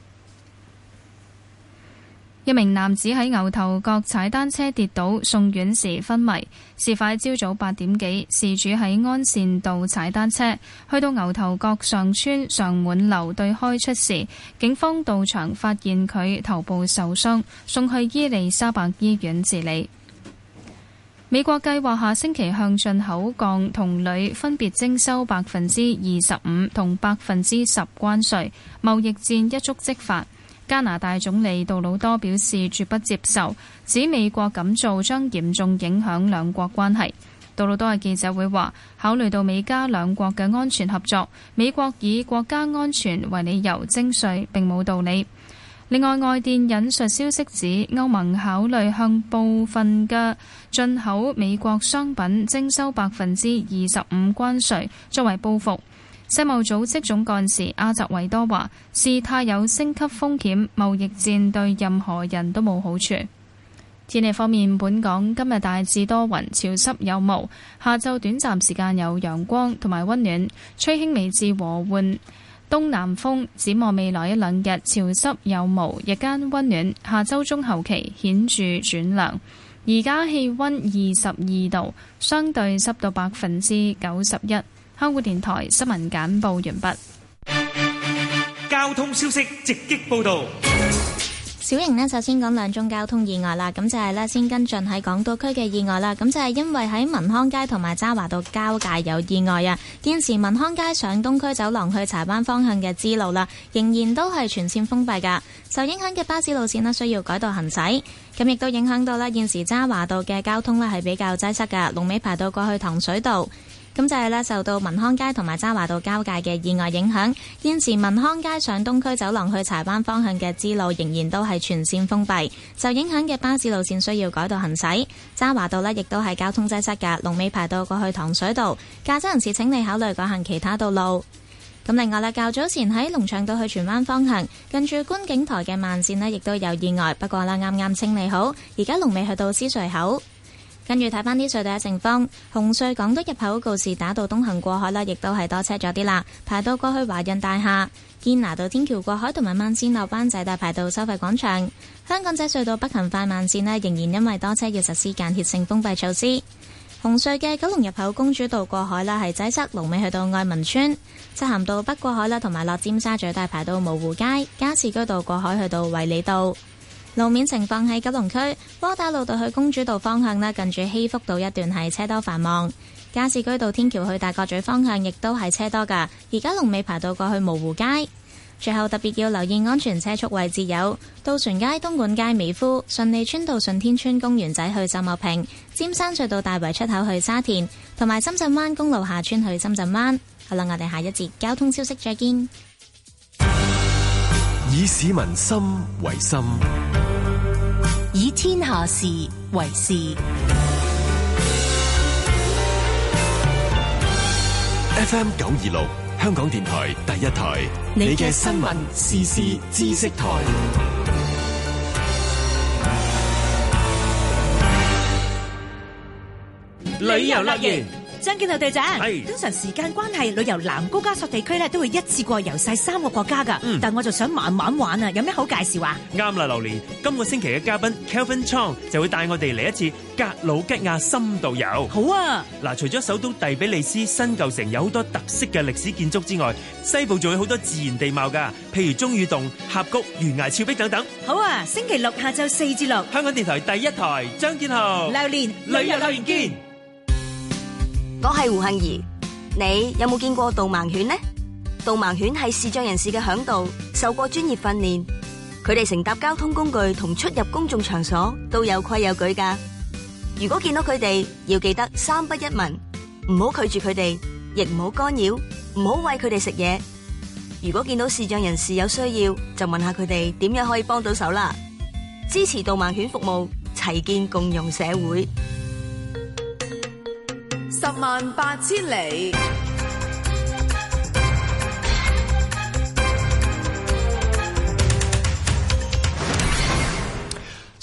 一名男子喺牛頭角踩單車跌倒，送院時昏迷。事發朝早八點幾，事主喺安善道踩單車，去到牛頭角上村上滿樓對開出事，警方到場發現佢頭部受傷，送去伊利沙伯醫院治理。美國計劃下星期向進口鋼同鋁分別徵收百分之二十五同百分之十關稅，貿易戰一觸即發。加拿大總理杜魯多表示絕不接受，指美國咁做將嚴重影響兩國關係。杜魯多嘅記者會話，考慮到美加兩國嘅安全合作，美國以國家安全為理由徵稅並冇道理。另外，外電引述消息指，歐盟考慮向部分嘅進口美國商品徵收百分之二十五關稅，作為報復。世貿組織總幹事阿澤維多話，事態有升級風險，貿易戰對任何人都冇好處，天氣方面，本港今日大致多雲，潮濕有霧，下晝短暫時間有陽光同埋温暖，吹輕微至和緩。東南風，展望未來一兩日潮濕有霧，日間温暖。下周中後期顯著轉涼。而家氣温二十二度，相對濕度百分之九十一。香港電台新聞簡報完畢。交通消息直擊報道。小瑩呢，首先講兩宗交通意外啦，咁就係呢，先跟進喺港島區嘅意外啦，咁就係、是、因為喺民康街同埋渣華道交界有意外啊，現時民康街上東區走廊去柴灣方向嘅支路啦，仍然都係全線封閉噶，受影響嘅巴士路線呢，需要改道行駛，咁亦都影響到啦現時渣華道嘅交通呢，係比較擠塞噶，龍尾排到過去糖水道。咁就係呢，受到民康街同埋渣華道交界嘅意外影響，現時民康街上東區走廊去柴灣方向嘅支路仍然都係全線封閉，受影響嘅巴士路線需要改道行駛。渣華道呢，亦都係交通擠塞㗎，龍尾排到過去糖水道，駕駛人士請你考慮改行其他道路。咁另外咧，較早前喺龍翔道去荃灣方向，近住觀景台嘅慢線呢，亦都有意外。不過啦，啱啱清理好，而家龍尾去到獅隧口。跟住睇翻啲隧道嘅情況，紅隧港島入口告士打道東行過海啦，亦都係多車咗啲啦，排到過去華潤大廈、堅拿道天橋過海同埋慢線落灣仔大排到收費廣場。香港仔隧道北行快慢線呢，仍然因為多車要實施間歇性封閉措施。紅隧嘅九龍入口公主道過海啦，係擠塞，龍尾去到愛民村，漆咸道北過海啦，同埋落尖沙咀大排到蕪湖街、加士居道過海去到衛理道。路面情況喺九龍區窩打老道去公主道方向咧，近住希福道一段係車多繁忙；加士居道天橋去大角咀方向亦都係車多噶。而家龍尾排到過去蕪湖街。最後特別要留意安全車速位置有：渡船街、東莞街、美孚、順利村道、順天村公園仔去秀茂坪、尖山隧道大圍出口去沙田，同埋深圳灣公路下村去深圳灣。好啦，我哋下一節交通消息再見。以市民心為心，以天下事為事。FM 九二六，香港電台第一台，你嘅新聞、時事、知識台，旅遊樂園。張建豪隊長，通常時間關係，旅遊南高加索地區咧都會一次過遊晒三個國家噶。嗯，但我就想慢慢玩啊，有咩好介紹啊？啱啦，榴蓮，今個星期嘅嘉賓 Kelvin Chong 就會帶我哋嚟一次格魯吉亞深度遊。好啊，嗱，除咗首都第比利斯新舊城有好多特色嘅歷史建築之外，西部仲有好多自然地貌噶，譬如鐘乳洞、峽谷、懸崖峭壁等等。好啊，星期六下晝四至六，香港電台第一台張建豪，榴蓮旅遊留言見。我係胡杏兒，你有冇見過導盲犬呢？導盲犬係視障人士嘅嚮導，受過專業訓練，佢哋乘搭交通工具同出入公眾場所都有規有矩㗎。如果見到佢哋，要記得三不一問，唔好拒絕佢哋，亦唔好干擾，唔好餵佢哋食嘢。如果見到視障人士有需要，就問下佢哋點樣可以幫到手啦。支持導盲犬服務，齊建共融社會。十萬八千里。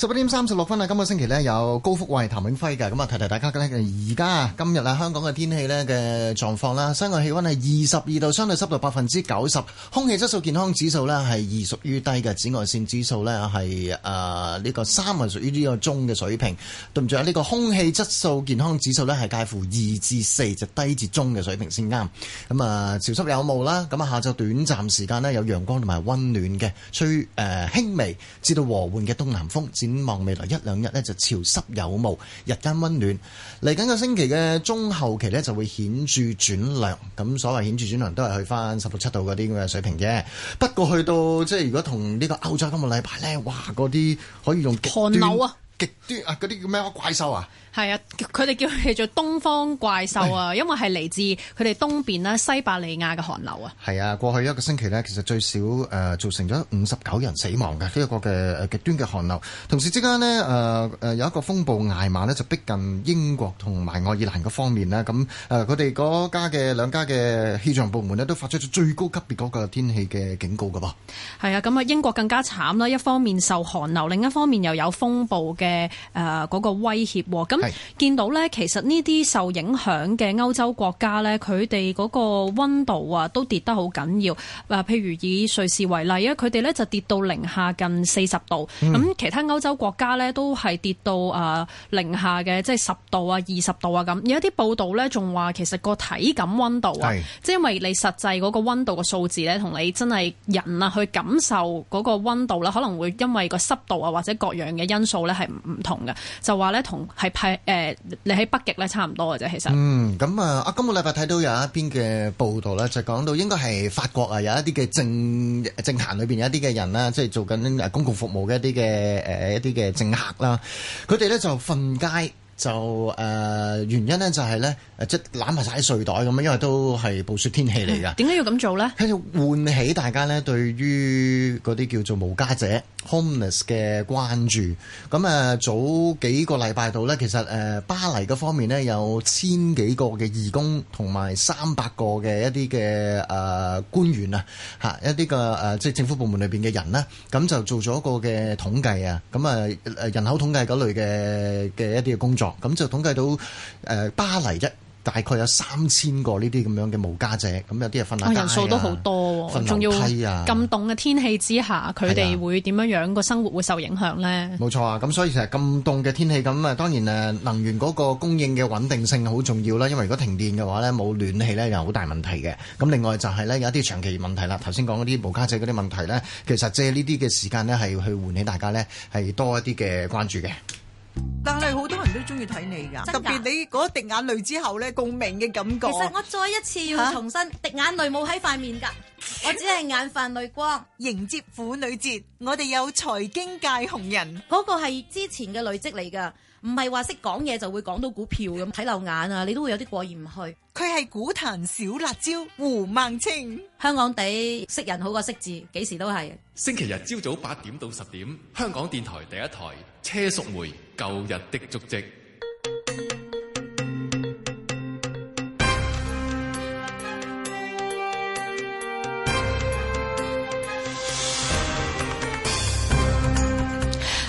十一點三十六分啊！今個星期咧有高福慧、譚永輝嘅咁啊，提提大家咧。而家啊，今日啊，香港嘅天氣咧嘅狀況啦，室外氣溫係二十二度，相對濕度百分之九十，空氣質素健康指數咧係二，屬於低嘅，紫外線指數咧係誒呢個三，係屬於呢個中嘅水平。對唔住啊，呢個空氣質素健康指數咧係介乎二至四，就低至中嘅水平先啱。咁啊，潮濕有霧啦。咁啊，下晝短暫時間咧有陽光同埋溫暖嘅，吹誒輕微至到和緩嘅東南風。展望未來一兩日咧，就潮濕有霧，日間温暖。嚟緊個星期嘅中後期咧，就會顯著轉涼。咁所謂顯著轉涼，都係去翻十六七度嗰啲咁嘅水平啫。不過去到即係如果同呢個歐洲今個禮拜咧，哇，嗰啲可以用寒流啊，極端啊，嗰啲叫咩啊，怪獸啊！係啊，佢哋叫佢做東方怪獸啊，因為係嚟自佢哋東邊啦，西伯利亞嘅寒流啊。係啊，過去一個星期呢，其實最少誒造成咗五十九人死亡嘅呢一個嘅極端嘅寒流。同時之間呢，誒、呃、誒有一個風暴艾瑪呢，就逼近英國同埋愛爾蘭方面啦。咁誒佢哋嗰家嘅兩家嘅氣象部門呢，都發出咗最高級別嗰個天氣嘅警告噶噃。係啊，咁啊英國更加慘啦，一方面受寒流，另一方面又有風暴嘅誒嗰個威脅。咁見到咧，其實呢啲受影響嘅歐洲國家咧，佢哋嗰個溫度啊，都跌得好緊要。誒，譬如以瑞士為例啊，佢哋咧就跌到零下近四十度。咁，嗯、其他歐洲國家咧，都係跌到啊零下嘅，即係十度啊，二十度啊咁。有一啲報道咧，仲話其實個體感溫度啊，即係因為你實際嗰個溫度嘅數字咧，同你真係人啊去感受嗰個溫度啦，可能會因為個濕度啊或者各樣嘅因素咧係唔同嘅，就話咧同係誒，你喺北極咧，差唔多嘅啫，其實。嗯，咁啊，啊，今個禮拜睇到有一篇嘅報道咧，就講到應該係法國啊，有一啲嘅政政壇裏邊有一啲嘅人啦，即係做緊公共服務嘅一啲嘅誒一啲嘅政客啦，佢哋咧就瞓街。就誒、呃、原因咧，就係咧誒即攬埋晒啲睡袋咁樣，因為都係暴雪天氣嚟噶。點、嗯、解要咁做咧？喺、就、度、是、喚起大家咧對於嗰啲叫做無家者 （homeless） 嘅關注。咁啊，早幾個禮拜度咧，其實誒、呃、巴黎嗰方面咧有千幾個嘅義工同埋三百個嘅一啲嘅誒官員啊吓一啲嘅誒即政府部門裏邊嘅人呢，咁就做咗一個嘅統計啊，咁啊誒人口統計嗰類嘅嘅一啲嘅工作。咁、哦、就統計到誒、呃，巴黎一大概有三千個呢啲咁樣嘅無家者，咁有啲分瞓人數都好多、啊，瞓要，樓梯啊。咁凍嘅天氣之下，佢哋、啊、會點樣樣個生活會受影響呢？冇錯啊！咁所以其實咁凍嘅天氣，咁啊，當然誒，能源嗰個供應嘅穩定性好重要啦。因為如果停電嘅話咧，冇暖氣咧，又好大問題嘅。咁另外就係咧有一啲長期問題啦。頭先講嗰啲無家者嗰啲問題咧，其實借呢啲嘅時間咧，係去喚起大家咧係多一啲嘅關注嘅。但係好多。都中意睇你噶，特別你嗰滴眼淚之後咧，共鳴嘅感覺。其實我再一次要重申，滴眼淚冇喺塊面噶，我只係眼泛淚光， 迎接婦女節。我哋有財經界紅人，嗰、嗰個係之前嘅累積嚟噶。唔係話識講嘢就會講到股票咁睇漏眼啊，你都會有啲過意唔去。佢係股壇小辣椒胡孟青。香港地識人好過識字，幾時都係。星期日朝早八點到十點，香港電台第一台車淑梅《舊日的足跡》。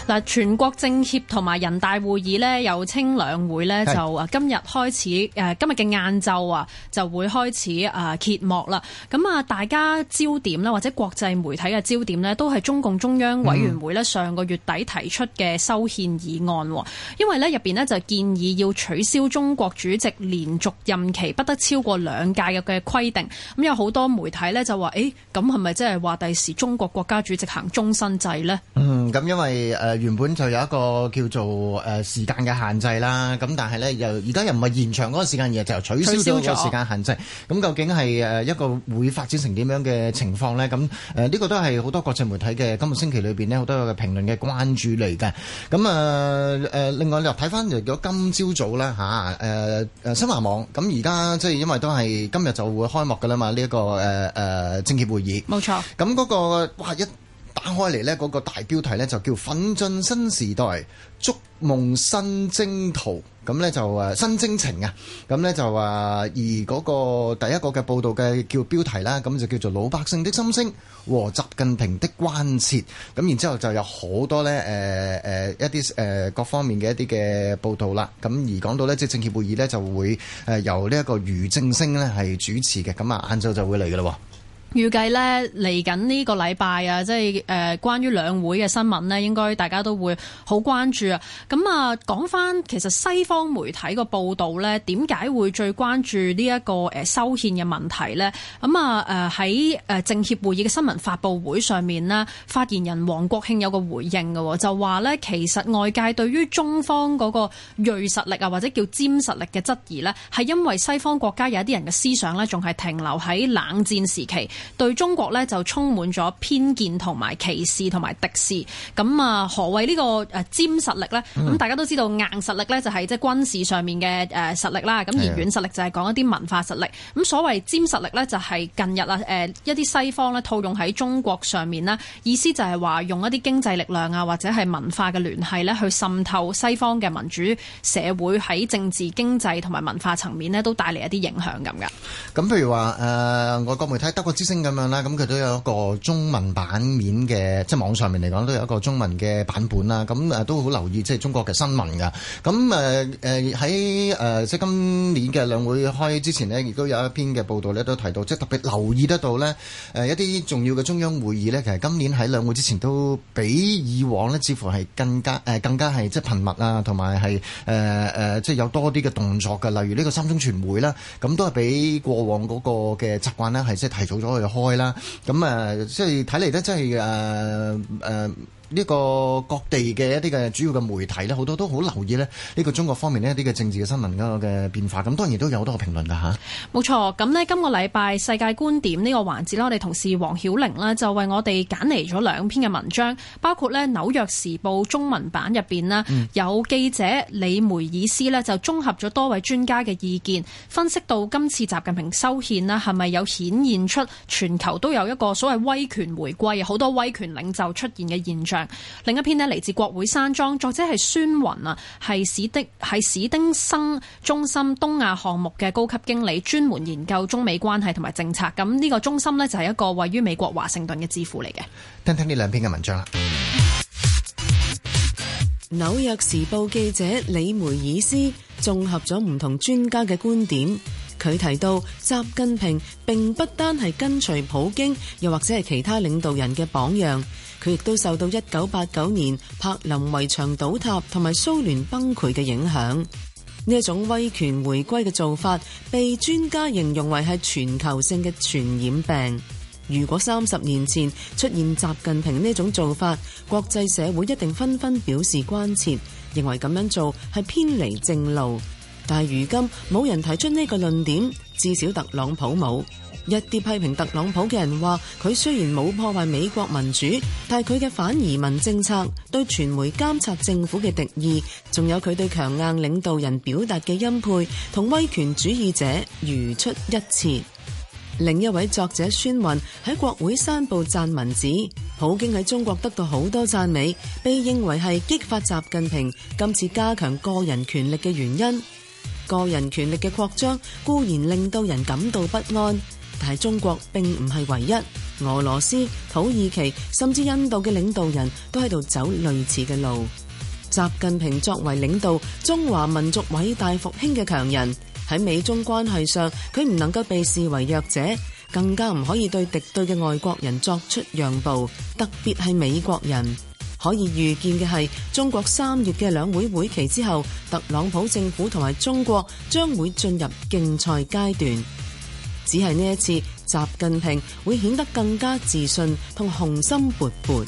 嗱，全國政協同埋人大會議呢又稱兩會呢就啊今日開始，誒、呃、今日嘅晏晝啊，就會開始啊、呃、揭幕啦。咁啊，大家焦點啦，或者國際媒體嘅焦點呢都係中共中央委員會咧上個月底提出嘅修憲議案，嗯、因為呢入邊呢就建議要取消中國主席連續任期不得超過兩屆嘅規定。咁有好多媒體呢就話，誒咁係咪即係話第時中國國家主席行終身制呢？嗯，咁因為誒。呃原本就有一個叫做誒時間嘅限制啦，咁但係咧又而家又唔係延長嗰個時間，而係就取消咗時間限制。咁究竟係誒一個會發展成點樣嘅情況咧？咁誒呢個都係好多國際媒體嘅今個星期裏面呢，好多嘅評論嘅關注嚟嘅。咁誒另外你又睇翻如果今朝早呢，吓、啊、誒、啊、誒、啊、新華網咁而家即係因為都係今日就會開幕㗎啦嘛，呢一個誒、啊啊、政協會議。冇錯。咁嗰、那個哇一。打開嚟呢嗰個大標題呢，就叫《奮進新時代，築夢新征途》。咁呢就誒新征程啊！咁呢就誒而嗰個第一個嘅報道嘅叫標題啦，咁就叫做老百姓的心聲和習近平的關切。咁然之後就有好多呢，誒、呃、誒、呃、一啲誒、呃、各方面嘅一啲嘅報道啦。咁而講到呢，即係政協會議呢，就會誒由呢一個俞正聲呢係主持嘅。咁啊晏晝就會嚟嘅啦。預計咧，嚟緊呢個禮拜啊，即係誒、呃、關於兩會嘅新聞呢，應該大家都會好關注啊。咁、嗯、啊，講翻其實西方媒體個報道呢，點解會最關注呢、這、一個收、呃、修憲嘅問題呢？咁啊誒喺政協會議嘅新聞發佈會上面呢，發言人王國慶有個回應嘅，就話呢，其實外界對於中方嗰個鋭實力啊，或者叫尖實力嘅質疑呢，係因為西方國家有一啲人嘅思想呢，仲係停留喺冷戰時期。對中國呢就充滿咗偏見同埋歧視、同埋敵視，咁啊何謂呢個誒尖實力呢？咁大家都知道硬實力呢就係即係軍事上面嘅誒實力啦，咁而軟實力就係講一啲文化實力。咁所謂尖實力呢，就係近日啊誒一啲西方呢套用喺中國上面啦。意思就係話用一啲經濟力量啊或者係文化嘅聯繫呢，去滲透西方嘅民主社會，喺政治、經濟同埋文化層面呢都帶嚟一啲影響咁噶。咁譬如話誒外國媒體德國知咁樣啦，咁佢都有一個中文版面嘅，即係網上面嚟講都有一個中文嘅版本啦。咁誒都好留意即係中國嘅新聞㗎。咁誒誒喺誒即係今年嘅兩會開,開之前呢，亦都有一篇嘅報導咧，都提到即係特別留意得到呢，誒、呃、一啲重要嘅中央會議呢，其實今年喺兩會之前都比以往呢，似乎係更加誒、呃、更加係即係頻密啊，同埋係誒誒即係有多啲嘅動作嘅。例如呢個三中全會啦，咁都係比過往嗰個嘅習慣咧，係即係提早咗去。就開啦，咁啊，即係睇嚟咧，真係誒誒。呃呢個各地嘅一啲嘅主要嘅媒體咧，好多都好留意呢呢個中國方面呢一啲嘅政治嘅新聞嘅變化。咁當然都有好多個評論㗎吓。冇錯，咁呢今個禮拜世界觀點呢個環節，我哋同事黃曉玲呢就為我哋揀嚟咗兩篇嘅文章，包括呢《紐約時報》中文版入面，嗯。有記者李梅爾斯呢就綜合咗多位專家嘅意見，分析到今次習近平修憲咧係咪有顯現出全球都有一個所謂威權回歸，好多威權領袖出現嘅現象。另一篇咧嚟自國會山莊，作者係孫雲啊，係史的係史丁生中心東亞項目嘅高級經理，專門研究中美關係同埋政策。咁呢個中心咧就係一個位於美國華盛頓嘅智庫嚟嘅。聽聽呢兩篇嘅文章啦。紐約時報記者李梅爾斯綜合咗唔同專家嘅觀點，佢提到習近平並不單係跟隨普京，又或者係其他領導人嘅榜樣。佢亦都受到一九八九年柏林圍牆倒塌同埋蘇聯崩潰嘅影響，呢一種威權回歸嘅做法被專家形容為係全球性嘅傳染病。如果三十年前出現習近平呢種做法，國際社會一定紛紛表示關切，認為咁樣做係偏離正路。但如今冇人提出呢個論點，至少特朗普冇一啲批評特朗普嘅人話，佢雖然冇破壞美國民主，但係佢嘅反移民政策、對傳媒監察政府嘅敵意，仲有佢對強硬領導人表達嘅欽佩，同威權主義者如出一轍。另一位作者孫云喺國會山報撰文指，普京喺中國得到好多讚美，被認為係激發習近平今次加強個人權力嘅原因。個人權力嘅擴張固然令到人感到不安，但係中國並唔係唯一，俄羅斯、土耳其甚至印度嘅領導人都喺度走類似嘅路。習近平作為領導中華民族偉大復興嘅強人，喺美中關係上，佢唔能夠被視為弱者，更加唔可以對敵對嘅外國人作出讓步，特別係美國人。可以預見嘅係，中國三月嘅兩會會期之後，特朗普政府同埋中國將會進入競賽階段。只係呢一次，習近平會顯得更加自信同雄心勃勃。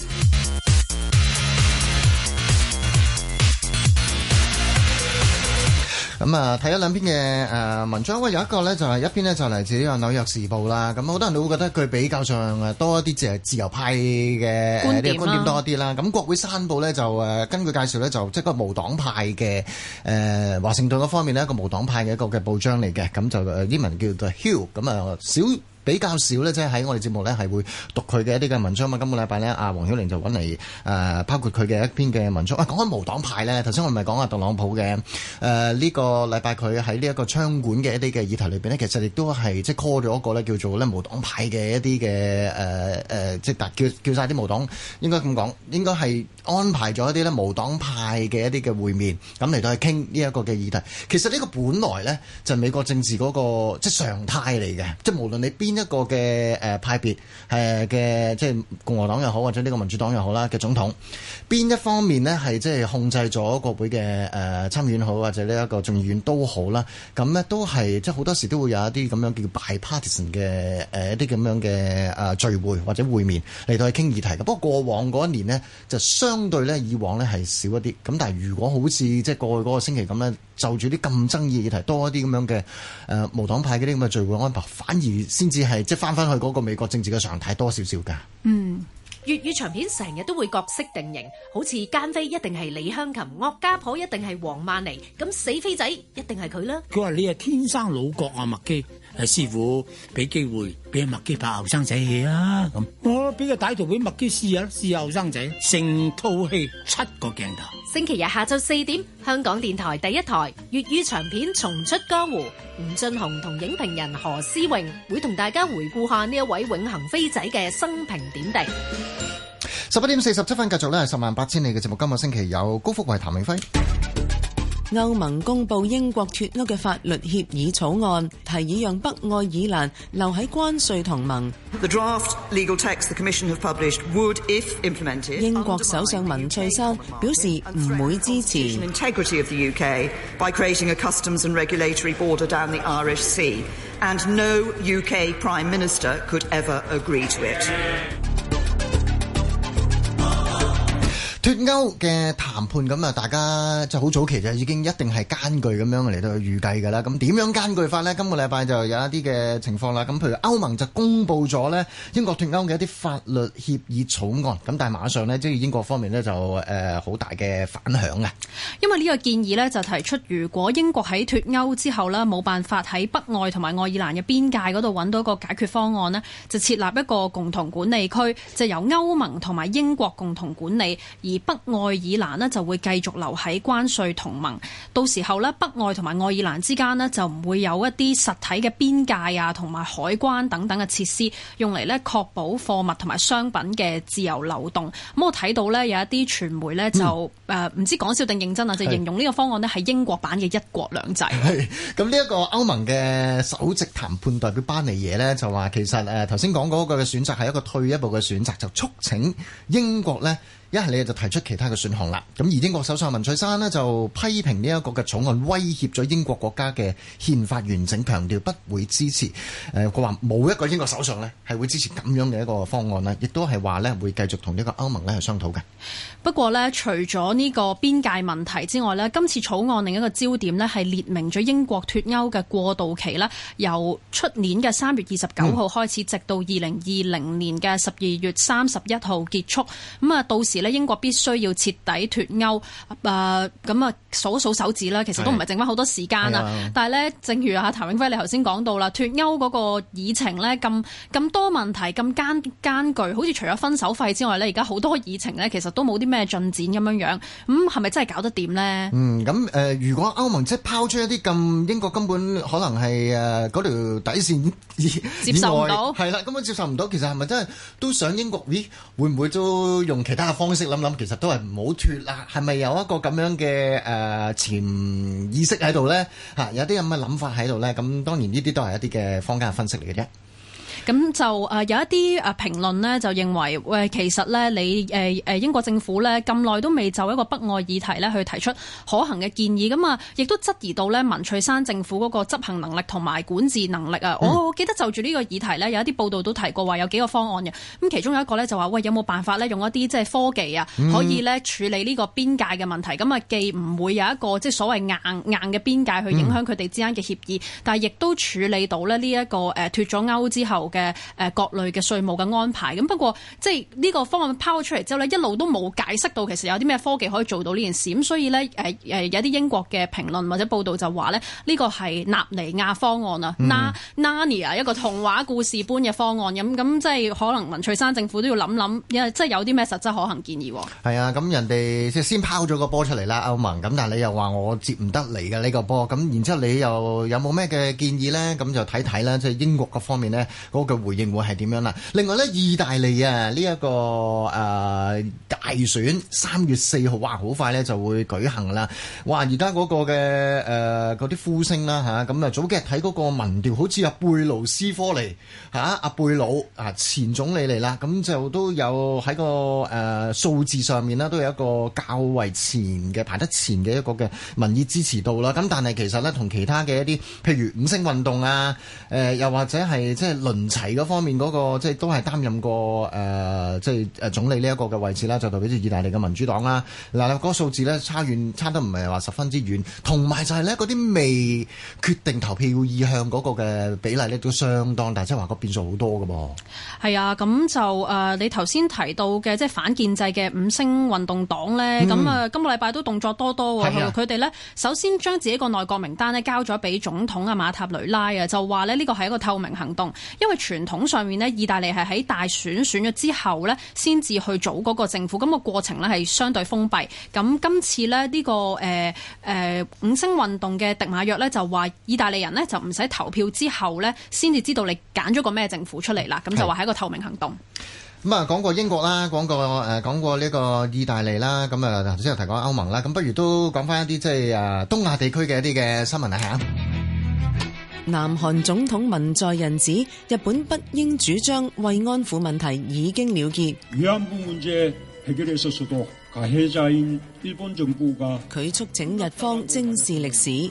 咁啊，睇咗兩篇嘅誒文章，喂，有一個咧就係、是、一篇呢，就嚟自《紐約時報》啦。咁好多人都會覺得佢比較上多一啲即係自由派嘅誒啲觀點多一啲啦。咁、啊、國會山報咧就誒，根據介紹咧就即係個無黨派嘅誒華盛頓嗰方面呢，一個無黨派嘅一個嘅報章嚟嘅。咁就英呢文叫做 Hill，咁啊小。比較少咧，即係喺我哋節目咧係會讀佢嘅一啲嘅文章嘛。今個禮拜呢，阿黃曉玲就揾嚟誒，包括佢嘅一篇嘅文章。喂、哎，講緊無黨派咧，頭先我咪講阿特朗普嘅誒呢個禮拜佢喺呢一個槍管嘅一啲嘅議題裏邊呢，其實亦都係即係 call 咗一個咧叫做咧無黨派嘅一啲嘅誒誒，即、呃、係、呃、叫叫曬啲無黨，應該咁講，應該係安排咗一啲呢無黨派嘅一啲嘅會面，咁嚟到去傾呢一個嘅議題。其實呢個本來呢，就係、美國政治嗰、那個即係常態嚟嘅，即係無論你邊，哪一個嘅誒派別誒嘅，即係共和黨又好，或者呢個民主黨又好啦嘅總統，邊一方面呢？係即係控制咗國會嘅誒參院好，或者呢一個眾院好都好啦。咁呢都係即係好多時都會有一啲咁樣叫 bipartisan 嘅誒一啲咁樣嘅誒聚會或者會面嚟到去傾議題嘅。不過過往嗰一年呢，就相對呢以往呢係少一啲。咁但係如果好似即係過去嗰個星期咁呢。就住啲咁爭議嘅議題，多一啲咁樣嘅誒、呃、無黨派嗰啲咁嘅聚會安排，反而先至係即係翻返去嗰個美國政治嘅常態多少少㗎。嗯，粵語長片成日都會角色定型，好似奸妃一定係李香琴，惡家婆一定係黃曼梨，咁死飛仔一定係佢啦。佢話：你係天生老角啊，麥基。係師傅俾機會俾麥基拍後生仔戲啊！咁我俾個歹徒俾麥基試下，試下後生仔成套戲七個鏡頭。星期日下晝四點，香港電台第一台粵語長片重出江湖，吳俊雄同影評人何思穎會同大家回顧下呢一位永恒飛仔嘅生平點滴。十一點四十七分，繼續咧，係十萬八千里嘅節目，今個星期有高福雲、譚明輝。歐盟公布英國脫歐嘅法律協議草案，提議讓北愛爾蘭留喺關稅同盟。英國首相文翠珊表示唔會支持。脫歐嘅談判咁啊，大家就好早期就已經一定係艱巨咁樣嚟到預計㗎啦。咁點樣艱巨法呢？今個禮拜就有一啲嘅情況啦。咁譬如歐盟就公布咗呢英國脫歐嘅一啲法律協議草案，咁但係馬上呢，即係英國方面呢，就誒好大嘅反響啊。因為呢個建議呢，就提出，如果英國喺脫歐之後呢，冇辦法喺北愛同埋愛爾蘭嘅邊界嗰度搵到一個解決方案呢，就設立一個共同管理區，就由歐盟同埋英國共同管理而北愛爾蘭呢就會繼續留喺關稅同盟，到時候呢，北愛同埋愛爾蘭之間呢，就唔會有一啲實體嘅邊界啊，同埋海關等等嘅設施，用嚟呢，確保貨物同埋商品嘅自由流動。咁我睇到呢，有一啲傳媒呢，就誒唔知講笑定認真啊，就形容呢個方案呢，係英國版嘅一國兩制。咁呢一個歐盟嘅首席談判代表班尼耶呢，就話，其實誒頭先講嗰個嘅選擇係一個退一步嘅選擇，就促請英國呢。一係你就提出其他嘅選項啦。咁而英國首相文翠珊呢，就批評呢一個嘅草案威脅咗英國國家嘅憲法完整，強調不會支持。誒、呃，佢話冇一個英國首相呢係會支持咁樣嘅一個方案咧，亦都係話呢會繼續同呢個歐盟呢係商討嘅。不過呢，除咗呢個邊界問題之外呢，今次草案另一個焦點呢係列明咗英國脱歐嘅過渡期呢，由出年嘅三月二十九號開始，直到二零二零年嘅十二月三十一號結束。咁、嗯、啊，到時英國必須要徹底脱歐，誒咁啊數一數手指啦，其實都唔係剩翻好多時間啦。但係咧，正如阿譚永輝你頭先講到啦，脱歐嗰個議程咧咁咁多問題咁艱艱巨，好似除咗分手費之外咧，而家好多議程咧，其實都冇啲咩進展咁樣樣。咁係咪真係搞得掂咧？嗯，咁誒、嗯呃，如果歐盟即係拋出一啲咁英國根本可能係誒嗰條底線，接受唔到，係啦，根本接受唔到。其實係咪真係都想英國？咦，會唔會都用其他方法？方式諗諗，其實都係唔好脱啦。係咪有一個咁樣嘅誒潛意識喺度咧？吓，有啲咁嘅諗法喺度咧。咁當然呢啲都係一啲嘅坊間嘅分析嚟嘅啫。咁就誒有一啲誒評論呢，就認為喂，其實呢你誒英國政府呢，咁耐都未就一個北愛議題呢去提出可行嘅建議，咁啊，亦都質疑到呢文翠珊政府嗰個執行能力同埋管治能力啊、嗯。我記得就住呢個議題呢，有一啲報道都提過話有幾個方案嘅。咁其中有一個呢，就話喂，有冇辦法呢？用一啲即係科技啊，可以呢處理呢個邊界嘅問題？咁、嗯、啊，既唔會有一個即係、就是、所謂硬硬嘅邊界去影響佢哋之間嘅協議，嗯、但亦都處理到呢一個誒脫咗歐之後嘅各類嘅稅務嘅安排，咁不過即係呢個方案拋出嚟之後呢，一路都冇解釋到其實有啲咩科技可以做到呢件事，咁所以呢，誒誒有啲英國嘅評論或者報道就話呢，呢個係納尼亞方案啊，Narnia 一個童話故事般嘅方案咁咁即係可能文翠山政府都要諗諗，因為即係有啲咩實質可行建議喎。係啊，咁人哋即係先拋咗個波出嚟啦，歐盟咁，但係你又話我接唔得嚟嘅呢個波咁，然之後你又有冇咩嘅建議呢？咁就睇睇啦，即係英國各方面呢。嗰、那個回應會係點樣啦？另外咧，意大利啊，呢、這、一個誒、呃、大選三月四號，哇，好快咧就會舉行啦！哇，而家嗰個嘅誒嗰啲呼聲啦嚇，咁啊，早幾日睇嗰個民調，好似阿貝魯斯科尼，嚇、啊、阿貝魯啊前總理嚟啦，咁就都有喺個誒、呃、數字上面呢，都有一個較為前嘅排得前嘅一個嘅民意支持度啦。咁、啊、但係其實咧，同其他嘅一啲譬如五星運動啊，呃、又或者係即係輪齊嗰方面嗰、那個即係都係擔任過誒、呃、即係誒總理呢一個嘅位置啦，就代表啲意大利嘅民主黨啦。嗱、那、嗰個數字咧差遠，差得唔係話十分之遠。同埋就係呢嗰啲未決定投票意向嗰個嘅比例呢，都相當大，即係話個變數好多嘅噃。係啊，咁就誒、呃、你頭先提到嘅即係反建制嘅五星運動黨呢。咁、嗯、啊今個禮拜都動作多多喎。佢哋、啊、呢，首先將自己個內閣名單咧交咗俾總統啊馬塔雷拉啊，就話咧呢個係一個透明行動，因為傳統上面咧，意大利係喺大選選咗之後咧，先至去組嗰個政府，咁個過程咧係相對封閉。咁今次咧、這、呢個誒誒、呃呃、五星運動嘅迪馬約咧就話，意大利人咧就唔使投票之後咧，先至知道你揀咗個咩政府出嚟啦。咁就話係一個透明行動。咁啊，講過英國啦，講過誒，講過呢個意大利啦，咁啊，頭先又提過歐盟啦，咁不如都講返一啲即係誒東亞地區嘅一啲嘅新聞吓。南韓總統文在寅指，日本不應主張慰安婦問題已經了結。佢促請日方正視歷史。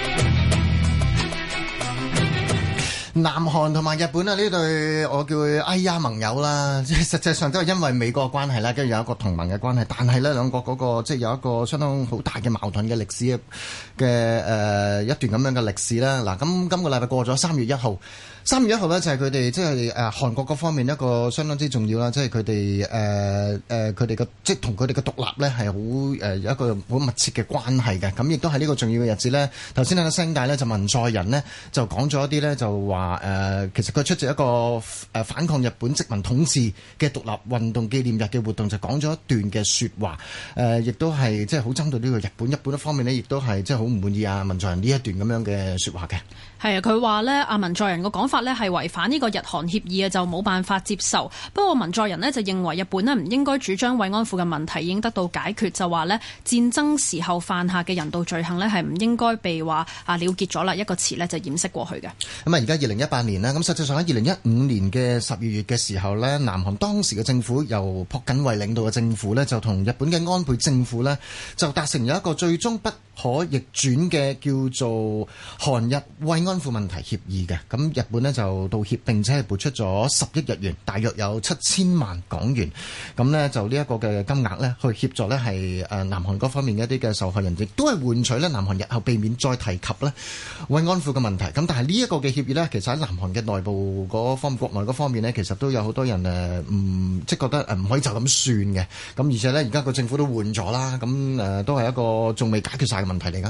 南韓同埋日本啊，呢對我叫哎呀盟友啦，即係實際上都係因為美國關係啦，跟住有一個同盟嘅關係，但係呢兩國嗰、那個即係、就是、有一個相當好大嘅矛盾嘅歷史嘅誒、呃、一段咁樣嘅歷史啦。嗱，咁今個禮拜過咗三月一號。三月一號呢，就係佢哋即係誒韓國各方面一個相當之重要啦，即係佢哋誒誒佢哋嘅即係同佢哋嘅獨立呢係好誒有一個好密切嘅關係嘅。咁亦都係呢個重要嘅日子呢。頭先呢個星界呢，就文在寅呢，就講咗一啲呢，就話誒其實佢出席一個反抗日本殖民統治嘅獨立運動紀念日嘅活動就講咗一段嘅說話誒，亦、呃、都係即係好針對呢個日本。日本一方面呢，亦都係即係好唔滿意啊文在寅呢一段咁樣嘅說話嘅。係啊，佢話呢阿文在寅嘅講法呢係違反呢個日韓協議啊，就冇辦法接受。不過文在寅呢就認為日本呢唔應該主張慰安婦嘅問題已經得到解決，就話呢戰爭時候犯下嘅人道罪行呢係唔應該被話啊了結咗啦，一個詞呢就掩飾過去嘅。咁啊，而家二零一八年呢，咁實際上喺二零一五年嘅十二月嘅時候呢，南韓當時嘅政府由朴槿惠領導嘅政府呢，就同日本嘅安倍政府呢，就達成咗一個最終不可逆轉嘅叫做韓日慰安婦問題協議嘅，咁日本呢就道歉，並且係撥出咗十億日元，大約有七千萬港元，咁呢就呢一個嘅金額呢去協助呢係誒南韓嗰方面一啲嘅受害人，亦都係換取呢南韓日後避免再提及呢慰安婦嘅問題。咁但係呢一個嘅協議呢，其實喺南韓嘅內部嗰方面、國內嗰方面呢，其實都有好多人誒唔，即係覺得誒唔可以就咁算嘅。咁而且呢，而家個政府都換咗啦，咁誒都係一個仲未解決晒問題嚟噶，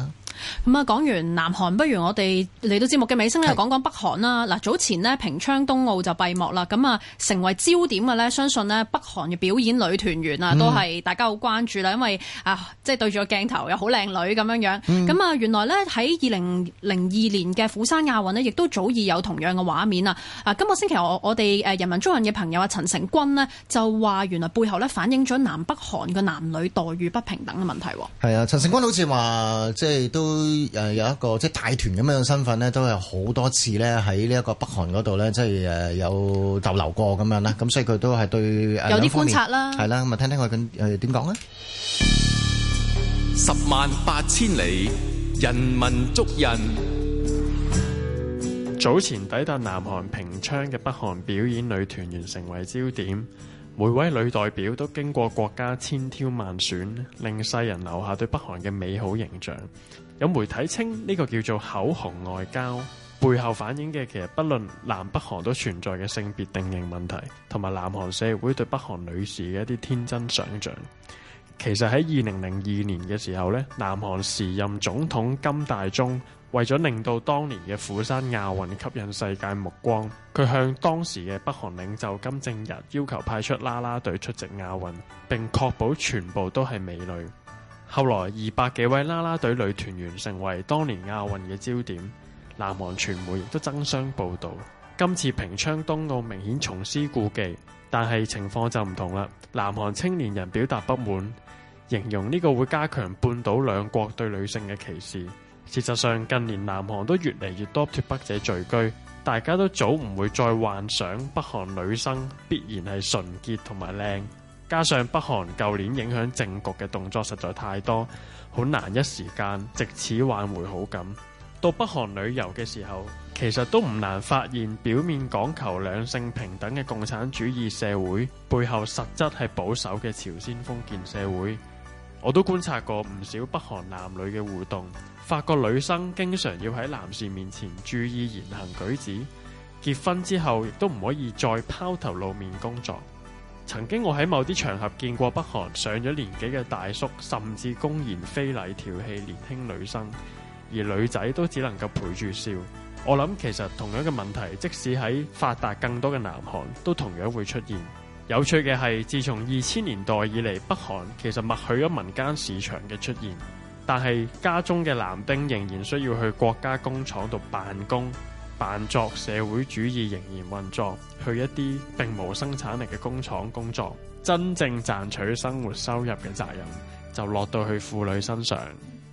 咁啊講完南韓，不如我哋嚟到節目嘅尾聲呢，講講北韓啦。嗱，早前呢，平昌冬奧就閉幕啦，咁啊成為焦點嘅呢相信呢，北韓嘅表演女團員啊，都係大家好關注啦，因為啊即係對住個鏡頭又好靚女咁樣樣，咁、嗯、啊原來呢，喺二零零二年嘅釜山亞運呢，亦都早已有同樣嘅畫面啊。啊，今個星期我我哋誒人民中文嘅朋友啊陳成軍呢，就話原來背後呢，反映咗南北韓嘅男女待遇不平等嘅問題。係啊，陳成軍好似話。啊、呃，即係都誒有一個即係大團咁樣嘅身份咧，都有好多次咧喺呢一個北韓嗰度咧，即係誒有逗留過咁樣啦，咁所以佢都係對有啲觀察啦，係啦，咁啊聽聽佢咁誒點講啊？十萬八千里，人民足印。早前抵達南韓平昌嘅北韓表演女團員成為焦點。每位女代表都經過國家千挑萬選，令世人留下對北韓嘅美好形象。有媒體稱呢個叫做口紅外交，背後反映嘅其實不論南北韓都存在嘅性別定型問題，同埋南韓社會對北韓女士嘅一啲天真想象。其實喺二零零二年嘅時候呢，南韓時任總統金大中，為咗令到當年嘅釜山亞運吸引世界目光，佢向當時嘅北韓領袖金正日要求派出啦啦隊出席亞運，並確保全部都係美女。後來二百幾位啦啦隊女團員成為當年亞運嘅焦點，南韓傳媒亦都爭相報道。今次平昌冬奧明顯重施故技，但係情況就唔同啦。南韓青年人表達不滿，形容呢個會加強半島兩國對女性嘅歧視。事實上，近年南韓都越嚟越多脫北者聚居，大家都早唔會再幻想北韓女生必然係純潔同埋靚。加上北韓舊年影響政局嘅動作實在太多，好難一時間藉此挽回好感。到北韓旅遊嘅時候，其實都唔難發現表面講求兩性平等嘅共產主義社會，背後實質係保守嘅朝鮮封建社會。我都觀察過唔少北韓男女嘅互動，發覺女生經常要喺男士面前注意言行舉止，結婚之後亦都唔可以再拋頭露面工作。曾經我喺某啲場合見過北韓上咗年紀嘅大叔，甚至公然非禮調戲年輕女生，而女仔都只能夠陪住笑。我諗其實同樣嘅問題，即使喺發達更多嘅南韓，都同樣會出現。有趣嘅係自從二千年代以嚟，北韓其實默許咗民間市場嘅出現，但係家中嘅男丁仍然需要去國家工廠度辦公，扮作社會主義仍然運作，去一啲並無生產力嘅工廠工作。真正賺取生活收入嘅責任就落到去婦女身上，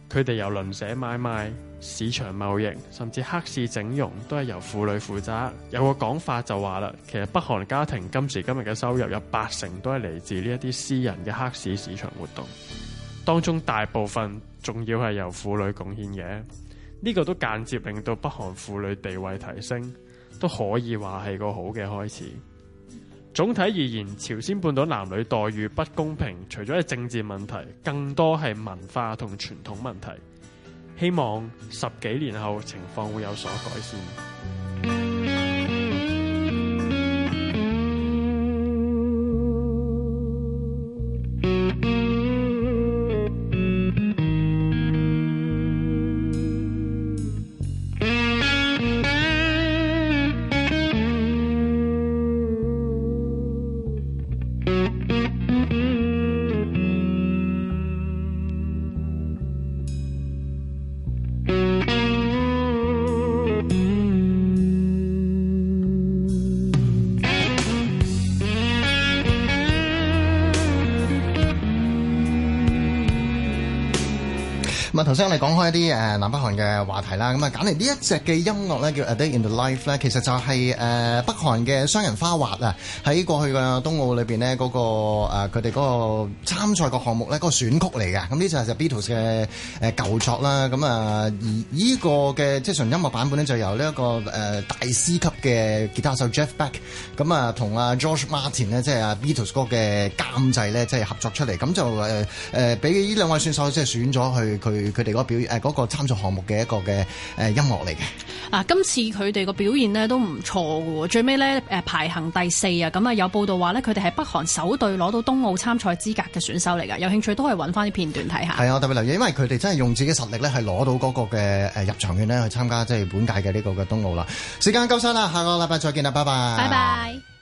佢哋由鄰舍買賣。市場貿易甚至黑市整容都係由婦女負責，有個講法就話啦，其實北韓家庭今時今日嘅收入有八成都係嚟自呢一啲私人嘅黑市市場活動，當中大部分仲要係由婦女貢獻嘅，呢個都間接令到北韓婦女地位提升，都可以話係個好嘅開始。總體而言，朝鮮半島男女待遇不公平，除咗係政治問題，更多係文化同傳統問題。希望十幾年後情況會有所改善。一啲誒南北韓嘅話題啦，咁啊揀嚟呢一隻嘅音樂咧叫《A Day in the Life》咧，其實就係誒北韓嘅雙人花滑啊，喺過去嘅冬奧裏邊咧、嗰個誒佢哋個參賽個項目咧、嗰個選曲嚟嘅，咁呢就係 The Beatles 嘅誒舊作啦。咁啊而呢個嘅即係純音樂版本咧，就由呢一個誒大師級嘅吉他手 Jeff Beck 咁啊同阿 George Martin 咧，即係阿 Beatles 哥嘅監製咧，即係合作出嚟，咁就誒誒俾呢兩位選手即係選咗去佢佢哋個表演。嗰、那個參賽項目嘅一個嘅誒音樂嚟嘅，啊今次佢哋個表現咧都唔錯喎，最尾咧誒排行第四啊，咁、嗯、啊有報道話咧佢哋係北韓首隊攞到冬奧參賽資格嘅選手嚟噶，有興趣都係搵翻啲片段睇下。係啊，我特別留意，因為佢哋真係用自己實力咧係攞到嗰個嘅誒入場券咧去參加即係本屆嘅呢個嘅冬奧啦。時間夠晒啦，下個禮拜再見啦，拜拜。拜拜。